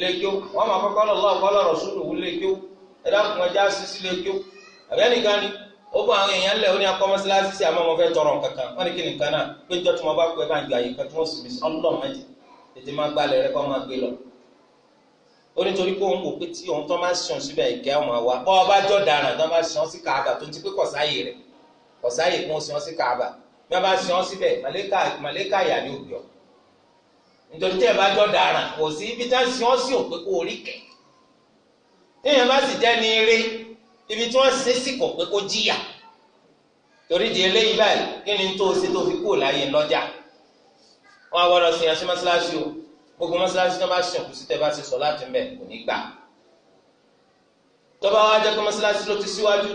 lẹ́kíó wọ́n máa kọ́kọ́ ó bọ àwọn èèyàn lẹ ó ní akọ mọ́sálásí sí àmọ́ mo fẹ́ tọrọ kankan wọn ni kí nìkan náà péjọ tí mo bá pẹ bá ń ju àyè kan tí mí sí ọlọ méjì tètè máa gbalẹ̀ rẹ máa gbé lọ ó ní torí pé òun wò pé tí òun sùn síbẹ̀ ìkẹ́ ọmọ wa jọ sùn sí tó ti pé kọ̀sáyè rẹ̀ kọ̀sáyè kún sùn sí bá sùn síbẹ̀ màlẹ́kà ibi tí wọ́n ṣe sì kọ̀ pé kó jìyà torí di eléyìí báyìí kí ni tó o ṣe tó fi kúrò láàyè lọ́jà wọn àwọ̀rọ̀ sìn àṣẹ mọ́ṣáláṣí o gbogbo mọ́ṣáláṣí tó bá ṣàn kù sí tẹ́ ṣe sọ láti mbẹ̀ kò ní gbà tọ́ba wa jẹ́ pé mọ́ṣáláṣí ló ti síwájú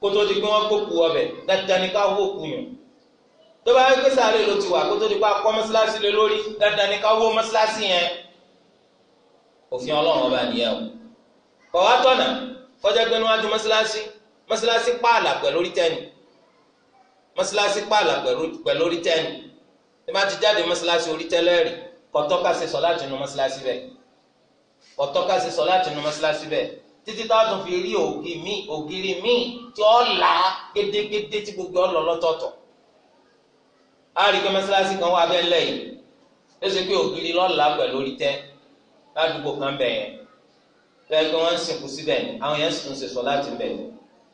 kó tó di pé wọ́n kó kú ọbẹ̀ dáadáa ní ká wó kú yàn tọ́ba wa pé sáré ló ti wà kó tó di pé akọ́ mọ́ṣáláṣí lé lórí dáadáa ní ká wó mọ́ṣáláṣí yẹn òfin ọlọ́run ọba nìyẹn o kọ̀ wá kọjá pé níwájú mọ́sálásí mọ́sálásí pààlà pẹ̀lú orí tẹ́ni mọ́sálásí pààlà pẹ̀lú orí tẹ́ni tí wọ́n ti jáde mọ́sálásí orí tẹ́lẹ̀ rí kọ́tọ́ ká ṣe sọ́láàtì nu mọ́sálásí bẹ́ẹ̀ kọ́tọ́ ká ṣe sọ́láàtì nu mọ́sálásí bẹ́ẹ̀ títí táwọn fi rí ògiri míì tí ó là á gédégédé tí gbogbo ọ lọ lọ́tọ̀ọ̀tọ̀ á rí pé mọ́sálásí kan wà abẹ́ńlẹ̀ yìí ó ṣe pé ògiri lọ́la pẹ̀lú orí tẹ́ ládùúgbò kan bẹ̀yẹn tẹ́lẹ̀ pé wọ́n ń sìnkú síbẹ̀ àwọn yẹn ń ṣe sọ láti bẹ̀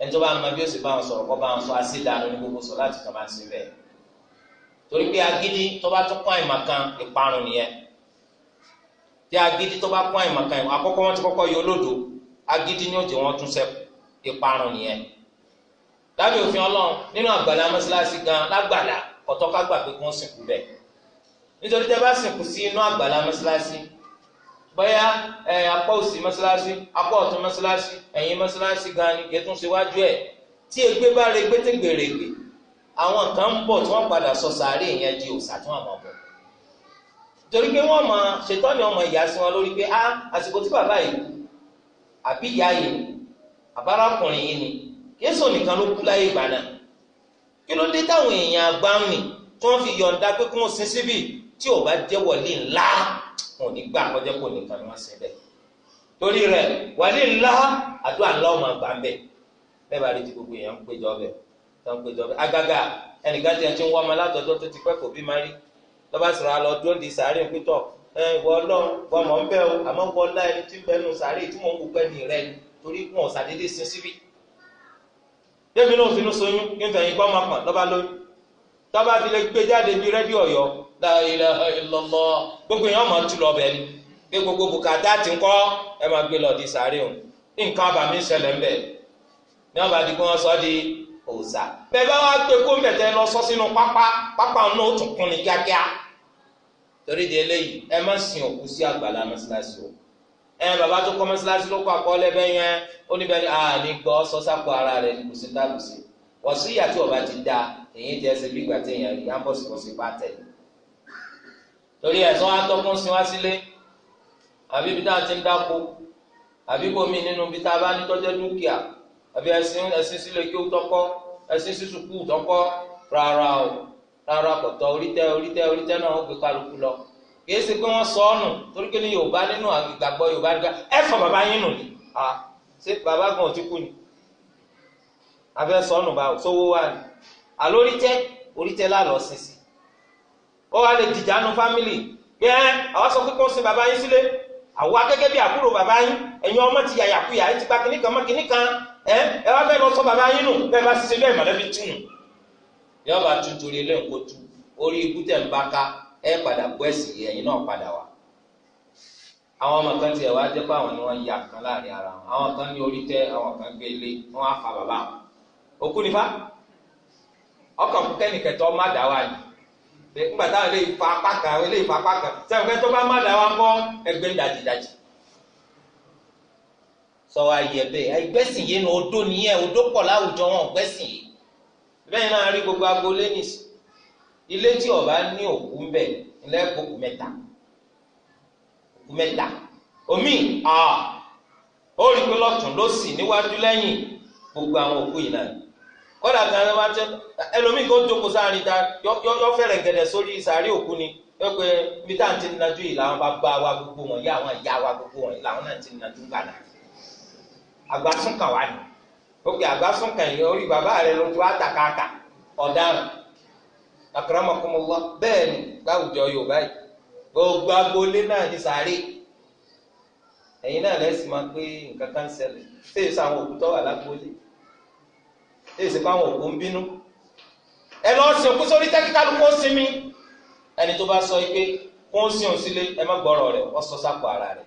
ẹni tó bá mọ bí ó sì bá wọn sọ̀rọ̀ kọ́ bá wọn sọ àṣìdànù ní gbogbo sọ láti kàn bá ń síbẹ̀ torí pé agídí tó bá tún kọ́ àìmọ̀ kan ìparun nìyẹn tí agídí tó bá kọ́ àìmọ̀ kan àkọ́kọ́ wọn ti kọ́kọ́ yọ olódo agídí ni ó jẹ́ wọn tún sẹ́kù ìparun nìyẹn lábẹ́ òfin ọlọ́run nínú àgbàlá mọ́ṣáláṣí gan lágbàlá kọ̀tọ́kágbà pé kí wọ́n sìnkú bẹ̀ nítorí tẹ́ bá sìnkú sí inú àgbàlá mọ́ṣáláṣí bóyá ẹ apá òsì mọ́sálásí apá ọ̀tún mọ́sálásí ẹ̀yìn mọ́sálásí gan ni kìí tún ṣe wájú ẹ̀ tí ègbé bá re gbẹ́tẹ̀gbèrègbè àwọn kan ń bọ̀ tí wọ́n padà sọ sàárè yẹn di òòsà tí wọ́n mọ̀ bọ̀ torí pé wọ́n mọ ṣètọ́ni ọmọ ìyá sí wọn lórí pé a àsìkò tí bàbá yìí àbí ìyá yìí àbárakùnrin yìí ni yéṣù nìkan ló kú láyé ìgbà náà kí ló dé táwọn èèyàn agbáhùn tí wọ́n fi yọ̀ǹda pé kí wọ́n sin síbì tí ò bá jẹ́ ńlá wọn ò ní gbà kọjá kò nìkan ni wọ́n sin bẹ́ẹ̀ torí rẹ̀ wàlí ńlá àdúrà ńlá ọmọ àgbà ń bẹ̀ bẹ́ẹ̀ bá rí ti gbogbo èèyàn ń péjọ bẹ̀ tó ń péjọ bẹ̀ agaga ẹnìkan ti ẹ ti ń wọ́n ọmọ látọjọ́ tó ti pẹ́ kò bí má rí lọ́ba sọ̀rọ̀ alọ́ dúró di sàárè pítọ̀ ẹ wọ ọlọ́run wọ ọmọ ń bẹ́ o àmọ́ wọ ọlá ẹni tí ń bẹ́ nù sàárè tí wọ́n ń wùpẹ́ ní rẹ ni torí wọn ò sàdédé sin síbí. débi náà finú soyún kí n fẹ̀yìn kọ́ máa pọ̀ lọ́ba lóyún tọ́ba fi lè gbé jáde bíi rẹ́díò ọ̀yọ́ la ilaha illallah gbogbo yẹn ọmọ tu lọ bẹ́ẹ̀ ni pé gbogbo bùkátà ti ń kọ́ ẹ máa gbé lọ di sàárè o nǹkan àbàmì ṣẹlẹ̀ ńbẹ̀ ní ọba àdìgún wọn sọ di òòsà bẹ́ẹ̀ bá wàá gbé kó mẹtẹ lọ sọ sínú pápá pápá náà ó tún kún ní kíákíá torí di eléyìí ẹ má sin òkú sí àgbàlá mọ́ṣáláṣí o ẹ bàbá tó kọ́ mọ́ṣáláṣí ló kọ́ àkọọ́lẹ̀ bẹ́ẹ̀ yẹn ó ní bẹ́ẹ̀ ni àní gbọ́ sọ́sápò ara rẹ̀ ní kùsìtàkùsì wọ́n sí ìyá tí ọba ti da èyí jẹ́ ṣe bí ìgbà tí èèyàn rí bọ̀ sí torí ẹ̀sọ́ atọ́kùn sí wá sílé àbí ibi tá a ti ń dáko àbí bomi nínú ibi tá a bá ní tọ́jọ́ dúkìá àbí ẹ̀sìn ẹ̀sìn sílé kí ó tọ́kọ́ ẹ̀sìn sí sùkú tọ́kọ́ rárá o rárá kò tọ́ orítẹ́ orítẹ́ orítẹ́ náà ó gbé kálukú lọ kìí ṣe pé wọ́n sọ ọ́ nù torí kí ni Yorùbá nínú ìgbàgbọ́ Yorùbá nígbà ẹ fọ bàbá yín nù ni ṣé bàbá gan ò ti ni abẹ́ sọ ọ́ nù bá sówó wà ní àlórí tẹ́ orí tẹ́ lálọ́ sísìn ó wá lè jìjà nu fámìlì pé ẹ àwọn sọ pé kó ń sin bàbá yín sílé àwọ akẹ́kẹ́ bí àkúrò bàbá yín ẹ̀yin ọmọ ti yàyàkuyà ẹ ti pa kìnnì kan mọ́ kìnnì kan ẹ ẹ wá fẹ́ lọ sọ bàbá yín nù bẹ́ẹ̀ bá ṣiṣẹ́ bẹ́ẹ̀ mọ̀lẹ́bí tù nù. yọba tún torí eléyìí kó tu orí ikú tẹ̀ ń bá ká ẹ padà bọ́ ẹ̀sìn ẹ̀yin náà padà wá àwọn ọmọ kan tiẹ̀ wá jẹ́ pé àwọn ni wọ́n ya kan láàrin ara wọn àwọn kan ní orí tẹ àwọn kan gbé ilé wọ́n á fa bàbá òkú nípa ọkàn kẹ́nìkẹ́tọ́ má dá wà nígbà táwọn eléyìí fa apá kan àwọn eléyìí fa apá kan sẹ́wọ̀n pé tó bá má dá wa ń bọ́ ẹgbẹ́ ń dàjìdàjì. sọ wa yẹ bẹ́ẹ̀ ẹgbẹ́sìn yìí nu odó nìyẹn odó pọ̀ láwùjọ wọn ọ̀gbẹ́sìn yìí bẹ́ẹ̀ náà rí gbogbo agboolé nìsí ilé tí ọba ní òkú ń bẹ̀ ilẹ̀ òkú mẹ́ta òkú mẹ́ta omi ó rí pé lọ́tún ló sì níwájú lẹ́yìn gbogbo àwọn òkú yìí náà kọ́dà gan ẹ máa tẹ ẹlòmíì kó jókòó sáárín ta yọ fẹ̀rẹ̀ gẹ̀dẹ̀ sórí sàárì òkú ni yọ pé ibi tá à ń ti nàjú yìí làwọn bá gbogbo wọn yá wa gbogbo wọn làwọn náà ti gbà náà àgbà súnkàn wà ní àgbà súnkàn yìí orí bàbá rẹ ọ̀daràn bẹ́ẹ̀ ni láwùjọ yorùbá yìí agboolé náà sàárì ẹ̀yin náà lẹ́sìn máa pé nǹkan kan ṣẹlẹ̀ èsèpá àwọn òkú ń bínú ẹnu ọ̀sìn òkú sórí tẹ́kítàlù kó sinmi ẹni tó bá sọ pé kó ń sin òun ẹ má sọ sápò ara rẹ̀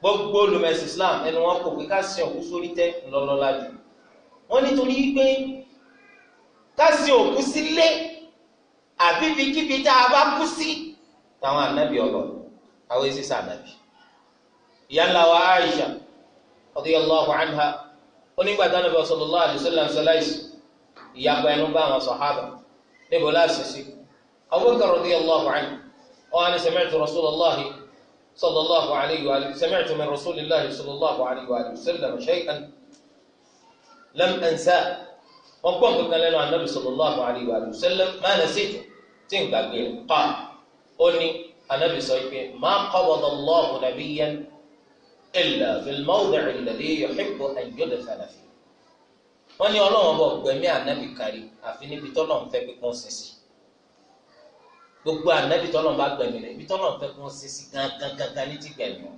gbogbo olùmẹ̀sì Islam ẹnu wọn kò pé ká sin òkú sórí tẹ́ ńlọ́lọ́lá jù nítorí pé ká sin òkú sílé tá a bá kú sí táwọn ọlọ àwọn èsì ìyá ńlá onígbà táwọn ọba sallallahu alaihi wasallam ṣaláìsì ìyapa ẹnu bá àwọn sàhábà níbo láṣìṣe Abubakar radiyallahu anhu ọ̀hán ni sami'tu rasulullahi sallallahu alaihi wa alihi sami'tu min rasulillahi sallallahu alaihi wa alihi wasallam shay'an lam ansa wọn gbọ́n kankan lẹ́nu anabi sallallahu alaihi wa alihi wasallam ma nasitu tí n gbàgbé rẹ̀ pa ó ní anabi sọ إلا في ìlẹ̀dí الذي يحب أن يدفن فيه. ọlọ́run ọba ọ̀gbẹ́mí ànábì kárí àfi níbi tọ́lọ̀ ń fẹ́ pípọ́n sísì. gbogbo ànábì tọ́lọ̀ bá gbẹ̀mí rẹ̀ ibi tọ́lọ̀ ń fẹ́ pípọ́n sísì gangan gangan ní ti gbẹ̀mí o.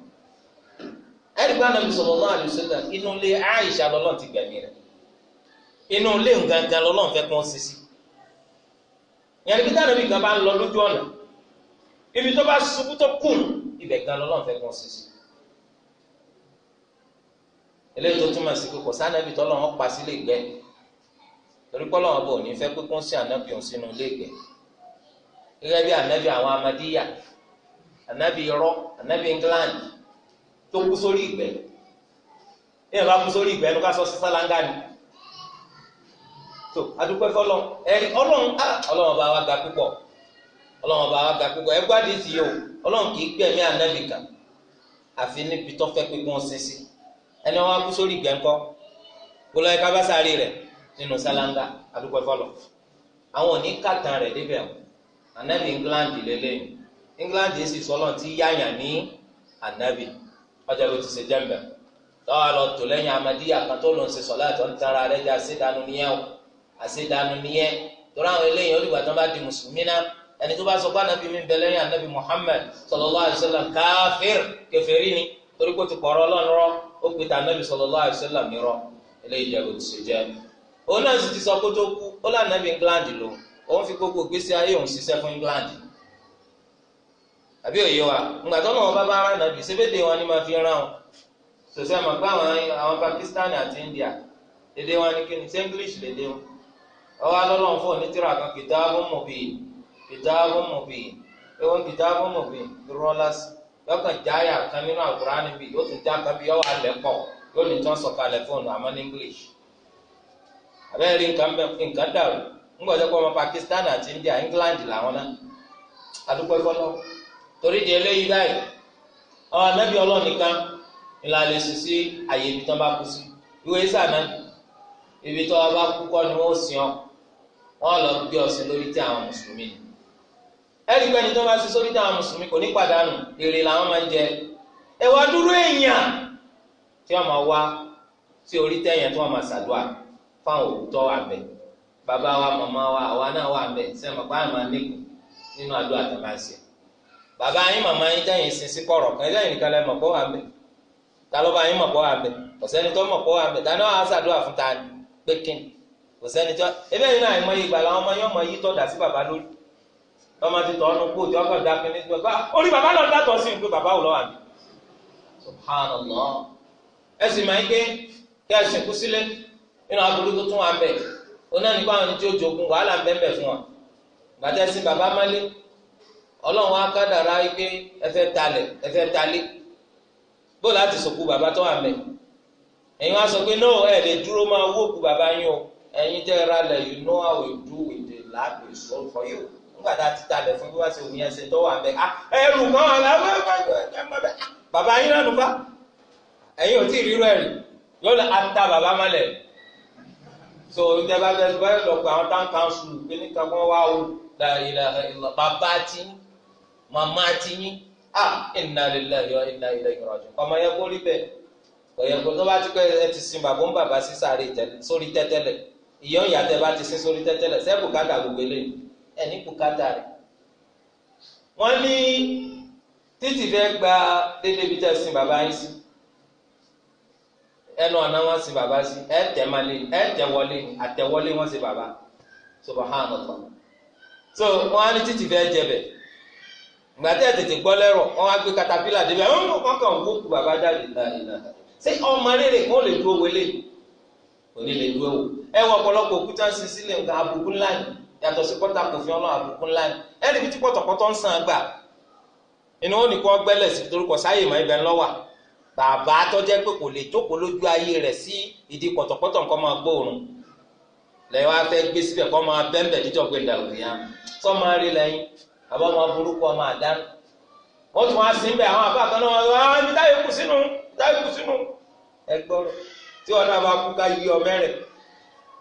ẹ̀rí bá nàbì sallallahu alaihi wasallam inú ilé Àìṣà lọ́lọ́ ti gbẹ̀mí rẹ̀ inú ilé gangan lọ́lọ́ ń fẹ́ pípọ́n sísì. yàrá ibi tánàbì kan ibi tó bá ṣubú tó kùn ibẹ̀ gan lọ́lọ́ ń eléyìí tó túmọ̀ sí pé kò sànàbì tọ́lọ̀ wọn pa sílé gbẹ torí pọ́lọ̀ wọn bò ní fẹ́ pé kó ń sin ànábì òun sínú ilé gbẹ gẹ́gẹ́ bí ànábì àwọn amadíyà ànábì irọ́ ànábì England tó kú sórí ìgbẹ́ èèyàn bá kú sórí ìgbẹ́ ẹnu ká sọ sálángà ni tó adúpẹ́ fọlọ́ ẹ ọlọ́run á ọlọ́run bá wa ga púpọ̀ ọlọ́run bá wa ga púpọ̀ ẹ gbádìí sí i o ọlọ́run kì í gbẹ̀mí ànábì kan àfi níbi tó fẹ́ pé kó sí ẹni wọn kú sórí ìgbẹ́ ńkọ́ kó lọ́ọ́ ká bá sáré rẹ̀ nínú sálángà àdúgbò fọlọ̀ àwọn òní kàtàn rẹ̀ débẹ̀ o England lélẹ́yìn England sì sọlọ tí yáyà ní ànábì ọjà ló ti ṣe jẹ́mbẹ̀ tọ́wọ́ lọ tó lẹ́yìn amadíyà kan tó ṣe sọ́lá tó ń tara rẹ̀ jẹ́ o eléyìí ó dìgbà tó bá di mùsùlùmí náà ẹni tó bá anabi Muhammad káfíìr ni torí kó ti ó pe ta anabi sallallahu alaihi wasallam eléyìí jẹ́ bó òun náà sì ti sọ kó tó kú ó lá anabi England lò òun fi gbogbo gbèsè ayé òun ṣiṣẹ́ fún England àbí òye wa ńgbà tó náà wọn bá bá ara nàbì sébédè wọn ni máa fi ràn án sòsè àmọ́ pé àwọn àwọn Pakistan àti India èdè wọn ni kíni English lédè wọn ọwọ́ alọ́lọ́run fún onítìrà kan lọ́kàn jáyà kan nínú àkùránì bíi yóò tún já kan bíi ọwọ́ alẹ́ pọ̀ yóò ní tán sọ̀kalẹ̀ fóònù àmọ́ ní English àbẹ́rẹ́ rí Pakistan àti India England làwọn náà adúpọ̀ ìfọ́lọ́ torí di eléyìí báyìí àwọn anábì Ọlọ́run nìkan sí àyè ibi tán bá kú ibi tó bá kú kọ́ ni wọ́n sìn ọ́ wọ́n lọ ọ̀sìn ẹ̀rí pé ẹni tó bá ṣe sórí táwọn mùsùlùmí kò ní pàdánù èrè làwọn máa ń jẹ ẹ̀wà dúró èèyàn tí wọ́n máa wá sí orí tẹ̀yàn tí wọ́n máa ṣàdúrà fáwọn òkútọ́ wà bẹ̀ bàbá wa màmá wa àwa náà wà bẹ̀ sẹ́mi pa àmà níkù nínú àdúrà tó máa ń ṣe bàbá yín màmá yín tẹ̀yìn sin sí kọ̀rọ̀ kan ẹlẹ́yìn nìkan lẹ́mọ̀ pọ̀ wà bẹ̀ ta ló bá yín mọ̀ pọ̀ wà bẹ̀ ọ̀sẹ́ni tó mọ̀ pọ̀ wà bẹ̀ dáná wà á fún ta pé kí kò sẹ́ni tó ebẹ́yìn náà ìmọ̀ yìí làwọn ọmọ yín ọmọ yìí tọ́ dà sí bàbá lórí tọ́mọ ti tọ́ ọ́nù kó tí ọkọ̀ dákẹ́ ní gbọ́ bá orí bàbá lọ dátọ̀ sí ìgbé bàbá wò lọ́wọ́ àbí. subhanallah ẹ sì máa ń gbé kí ẹ sìnkú sílẹ̀ nínú aburú tó tún wà bẹ̀ oná nípa àwọn tí ó jogun wàhálà ń bẹ́ẹ̀ fún wa gbàtẹ́ sí bàbá málé ọlọ́run á kádàrá pé ẹ fẹ́ talẹ̀ ẹ fẹ́ talé bó láti sòkú bàbá tó wà mẹ́ ẹ̀yin wá sọ pé no ẹ̀ lè dúró máa wó òkú bàbá yín o ẹ̀yin tẹ́ ra lẹ̀ you know how we do with the land we sold for you nígbà tá a ti talẹ̀ fún wíwá sí omi ẹsẹ̀ tó wà bẹ́ẹ̀ ah, ẹrù kan aláwọ̀ bàbá yín náà nùbá ẹ̀yin ò tí ì rírọ ẹ̀rì yóò lọ ata bàbá mọ́lẹ̀ so ìjọba bẹ́ẹ̀ bẹ́ẹ̀ lọ pé àwọn town council pé níta wọn wá o la ilaha illa bàbá tí màmá tí yín a ah, inna lillahi wa inna ilaihi raji'un ọmọ yẹn kó rí bẹ́ẹ̀ ọ̀yẹ̀kọ̀ tó bá ti pẹ́ ẹ ti sin bàbá ń bàbá sí sórí tẹ́tẹ́lẹ̀ ìyọ́ ìyàtẹ̀ bá ti sin sórí tẹ́tẹ́lẹ̀ sẹ́ẹ̀bù káàkà gbogbo eléyìí ẹni bùkátà rẹ̀ wọ́n ní títì fẹ́ gba dédé bíi tẹ́ sin bàbá yín sí ẹnu ọ̀nà wọn sin bàbá sí ẹ tẹ̀ malé wọlé àtẹ̀wọlé wọn sin bàbá subhanallah so wọ́n á ní títì fẹ́ jẹ bẹ̀ gbàtẹ́ tètè gbọ́ lẹ́rọ̀ wọ́n á gbé katapila débẹ̀ wọ́n kàn wó ku bàbá jáde láàrin ṣé ọmọ rere kan lè dúró wọlé kò ní lè dúró wò ẹ wọ ọ̀pọ̀lọpọ̀ òkúta ń nǹkan àbùkù ńlá yàtọ̀ sí pọ́tà kò fi ọlọ́run àbùkù ńlá ni ẹ̀rí bíi tí pọ̀tọ̀pọ̀tọ̀ ń sàn gbà inú ó ní kó gbẹ́lẹ̀ sí torúkọ sáyè mọ́ ibẹ̀ ńlọ́wà bàbá tó jẹ́ pé kò lè jókòó lójú ayé rẹ̀ sí ìdí pọ̀tọ̀pọ̀tọ̀ nǹkan máa gbóòórùn lẹ́yìn wá fẹ́ gbé síbẹ̀ kọ́ máa bẹ́ńbẹ̀ jíjọ́ gbé dàgbìyàn sọ máa rí lẹ́yìn àbá máa burúkú ọmọ àdánù wọ́n tún wá náà ah, bá kú ká yí ọmọ rẹ̀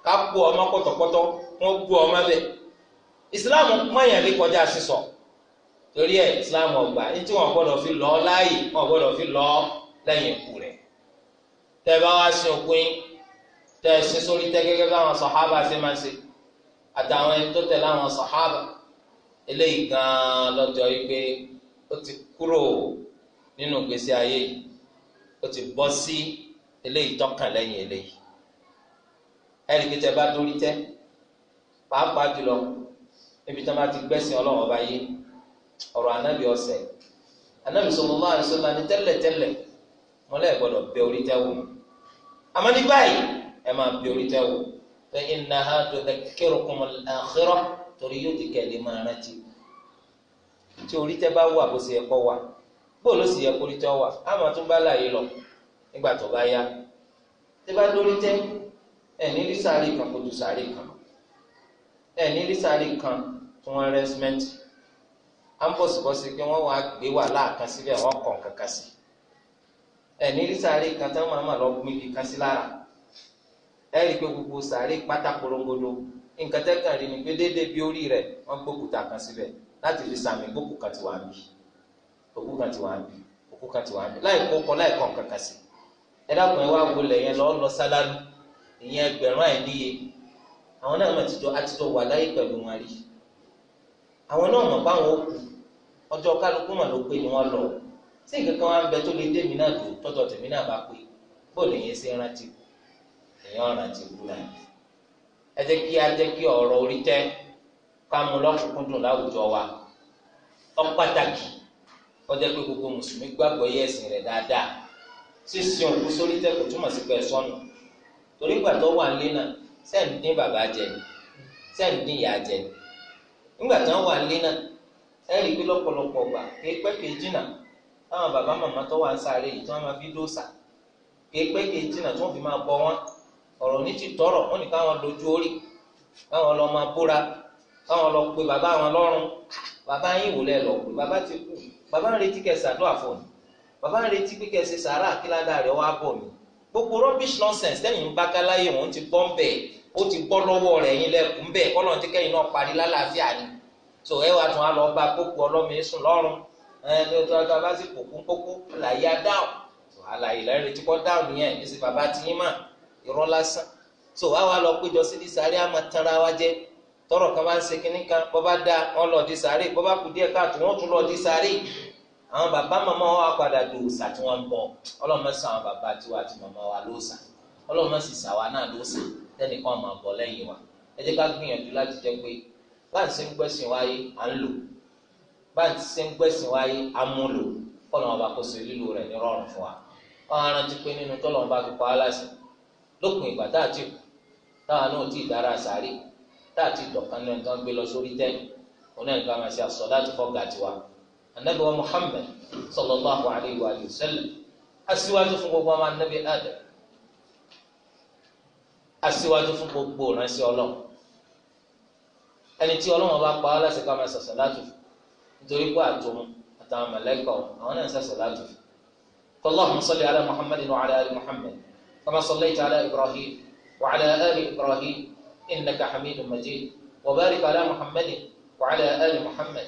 ká kú ọmọ pọ̀tọ̀pọ̀tọ̀ wọ́n gbó ọmọ bẹ́ẹ̀ ìsìláàmù mọ̀yàn lè kọjá sísọ torí ẹ̀ ìsìláàmù ọgbà ní tí wọ́n gbọ́dọ̀ fi lọ láàyè wọ́n gbọ́dọ̀ fi lọ lẹ́yìn ikú rẹ̀ tẹ́ bá wá sin òkú yín tẹ́ ẹ sin sórí tẹ́ gẹ́gẹ́ báwọn sàhábà ṣe máa ṣe àtàwọn ẹni tó tẹ̀lé àwọn sàhábà eléyìí gan-an lọ́jọ́ yìí pé ó ti kúrò nínú ìgbésí ayé yìí ó ti bọ́ sí eléyìí tọ́kàn lẹ́yìn eléyìí ẹ̀rí bá dórí tẹ́ pàápàá jùlọ níbi tí a máa ti gbẹ́sìn ọlọ́run ọba yé ọ̀rọ̀ anábì ọ̀sẹ̀ anábì sallallahu alaihi wasallam ní tẹ́lẹ̀tẹ́lẹ̀ mọ́lẹ́ gbọ́dọ̀ bẹ orí tẹ́wò àmọ́ ní báyìí ẹ máa bẹ orí tẹ́wò fa innaha tudhakkirukumul akhirah torí yóò ti kẹ́ lè máa rántí tí orí tẹ́ bá wà bó ṣe yẹ kó wà bó ló sì yẹ kó rí tẹ́ wà á máa tún bá láàyè lọ nígbà tó bá yá tẹ́ bá lórí tẹ́ ẹ̀ ní rí kan kó ju sàárè kan ẹ ní lísàárì kan tí wọ́n rẹ́ símẹ́ǹtì à ń bọ̀sibọ́sí pé wọ́n wá gbé wà láàkan síbẹ̀ wọ́n kàn kankan sí ẹ ní lísàárì kan tí wọ́n máa ma lọ gbé ibi kan sí lára ẹ rí i pé gbogbo sàárì pátá korongodo nǹkan tẹ́kàn rí ni pé déédéé bí orí rẹ̀ wọ́n gbókùtà kan síbẹ̀ láti fi sàmì gbókù kan ti wà ń bì òkú kan ti wà ń bì òkú kan ti wà ń láì kókọ láì kàn kankan sí ẹ dákun ẹ wá wọlé yẹn lọ lọ sálálù ìyẹn ẹgbẹ̀rún àìníye àwọn náà mà tijọ́ àtijọ́ wà láyé pẹ̀lú wọn rí àwọn náà mọ̀ báwọn ó kú ọjọ́ kálukú mà ló pé ni wọ́n lọ sí nǹkan kan wá ń bẹ tó lè dé mi náà dùn tọ́tọ̀ tèmi náà bá pé bó lè yẹn rántí èèyàn rántí ẹ jẹ́ kí á jẹ́ kí ọ̀rọ̀ orí tẹ́ ká mú lọ́kùnkúndùn láwùjọ wa pàtàkì yẹ ẹ̀sìn rẹ̀ dáadáa sísun òkú sórí tẹ́ ṣé ń dín bàbá jẹ ni ṣé ń dín ìyá jẹ ni nígbà tí wọ́n wà nílé náà ẹ rí i pé lọ́pọ̀lọpọ̀ gbà kéèpẹ́ kejìnà táwọn bàbá màmá tó wà ń sáré yìí tí wọ́n máa fi dóòsà kéèpẹ́ kejìnà tí wọ́n fi máa bọ wọn ọ̀rọ̀ ní ti tọrọ wọ́n ní káwọn orí káwọn lọ máa búra káwọn lọ gbogbo rubbish nonsense lẹ́yìn ń bá káláyé wọn ti gbọ́n bẹ́ẹ̀ ó ti gbọ́ lọ́wọ́ rẹ̀ yín lẹ́kùn bẹ́ẹ̀ kọ́nà tí kẹ́yìn náà parí lálàáfíà ni so ẹ wá tún á lọ bá kókó ọlọ́mọ ẹ̀sùn lọ́rùn ẹ tó tó bá sì kókó kókó àlàyé adáhùn so àlàyé lẹ́rìí tí kò dáhùn nìyẹn ní sí bàbá tí yín mà irọ́ lásán so á wá lọ péjọ sí disáré àmọ́ tanra wa jẹ tọrọ kan bá ń ṣe kinní kan bọ́ bá da wọn lọ disáré bọ́ bá kù díẹ̀ káàtó wọn tún lọ disáré àwọn bàbá màmá wa padà do òòsà tí wọ́n ń bọ̀ sọ àwọn bàbá tiwa àti màmá wa lóòsà ọlọ́mọ sì sàwa náà lóòsà tẹ́nìkan máa bọ̀ lẹ́yìn wa ẹ jẹ́ ká gbìyànjú láti jẹ́ pé bá ń ń gbẹ́sìn wáyé à ń lò bá ń ń gbẹ́sìn wáyé à ń mú lò kọ́nà ọba kò sí lílo rẹ̀ ní rọrùn fún wa wọn arántí pé nínú tọ́lọ̀ ọba fi pa á lópin ìgbà tá àti táwa náà tí dára sáré tá àti ìdọ̀kan náà tó gbé lọ sórí tẹ́ẹ̀ anabi wa muhammed sallallahu alayhi wa sallam aṣíwájú fún gbogbo ọmọ anabi adam aṣíwájú fún gbogbo ránṣẹ́ Ọlọ́run ẹni tí Ọlọ́run bá pa á láṣẹ ká máa ṣàṣà láti fún nítorí pé àtòun àtàwọn mọlẹkọ àwọn náà ń ṣàṣà láti fún kọlọhùn sọlẹ alẹ muhammed ní wàhálà alẹ muhammed kama sallaita ala ibrahim وعلى آل إبراهيم إنك حميد مجيد وبارك على محمد وعلى آل محمد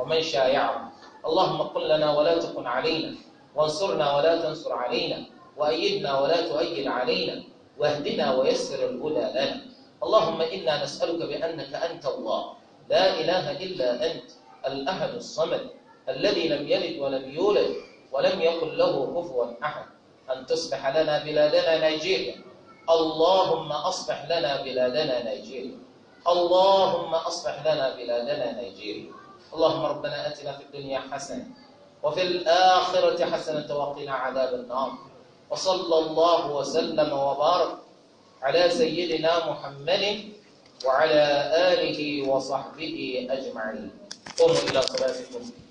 ومن شايعه اللهم قل لنا ولا تكن علينا وانصرنا ولا تنصر علينا وأيدنا ولا تؤيد علينا واهدنا ويسر الهدى لنا اللهم إنا نسألك بأنك أنت الله لا إله إلا أنت الأحد الصمد الذي لم يلد ولم يولد ولم يكن له كفوا أحد أن تصلح لنا بلادنا نيجيريا اللهم أصلح لنا بلادنا نيجيريا اللهم أصلح لنا بلادنا نيجيريا اللهم ربنا اتنا في الدنيا حسنه وفي الاخره حسنه وقنا عذاب النار وصلى الله وسلم وبارك على سيدنا محمد وعلى اله وصحبه اجمعين قوموا الى صلاتكم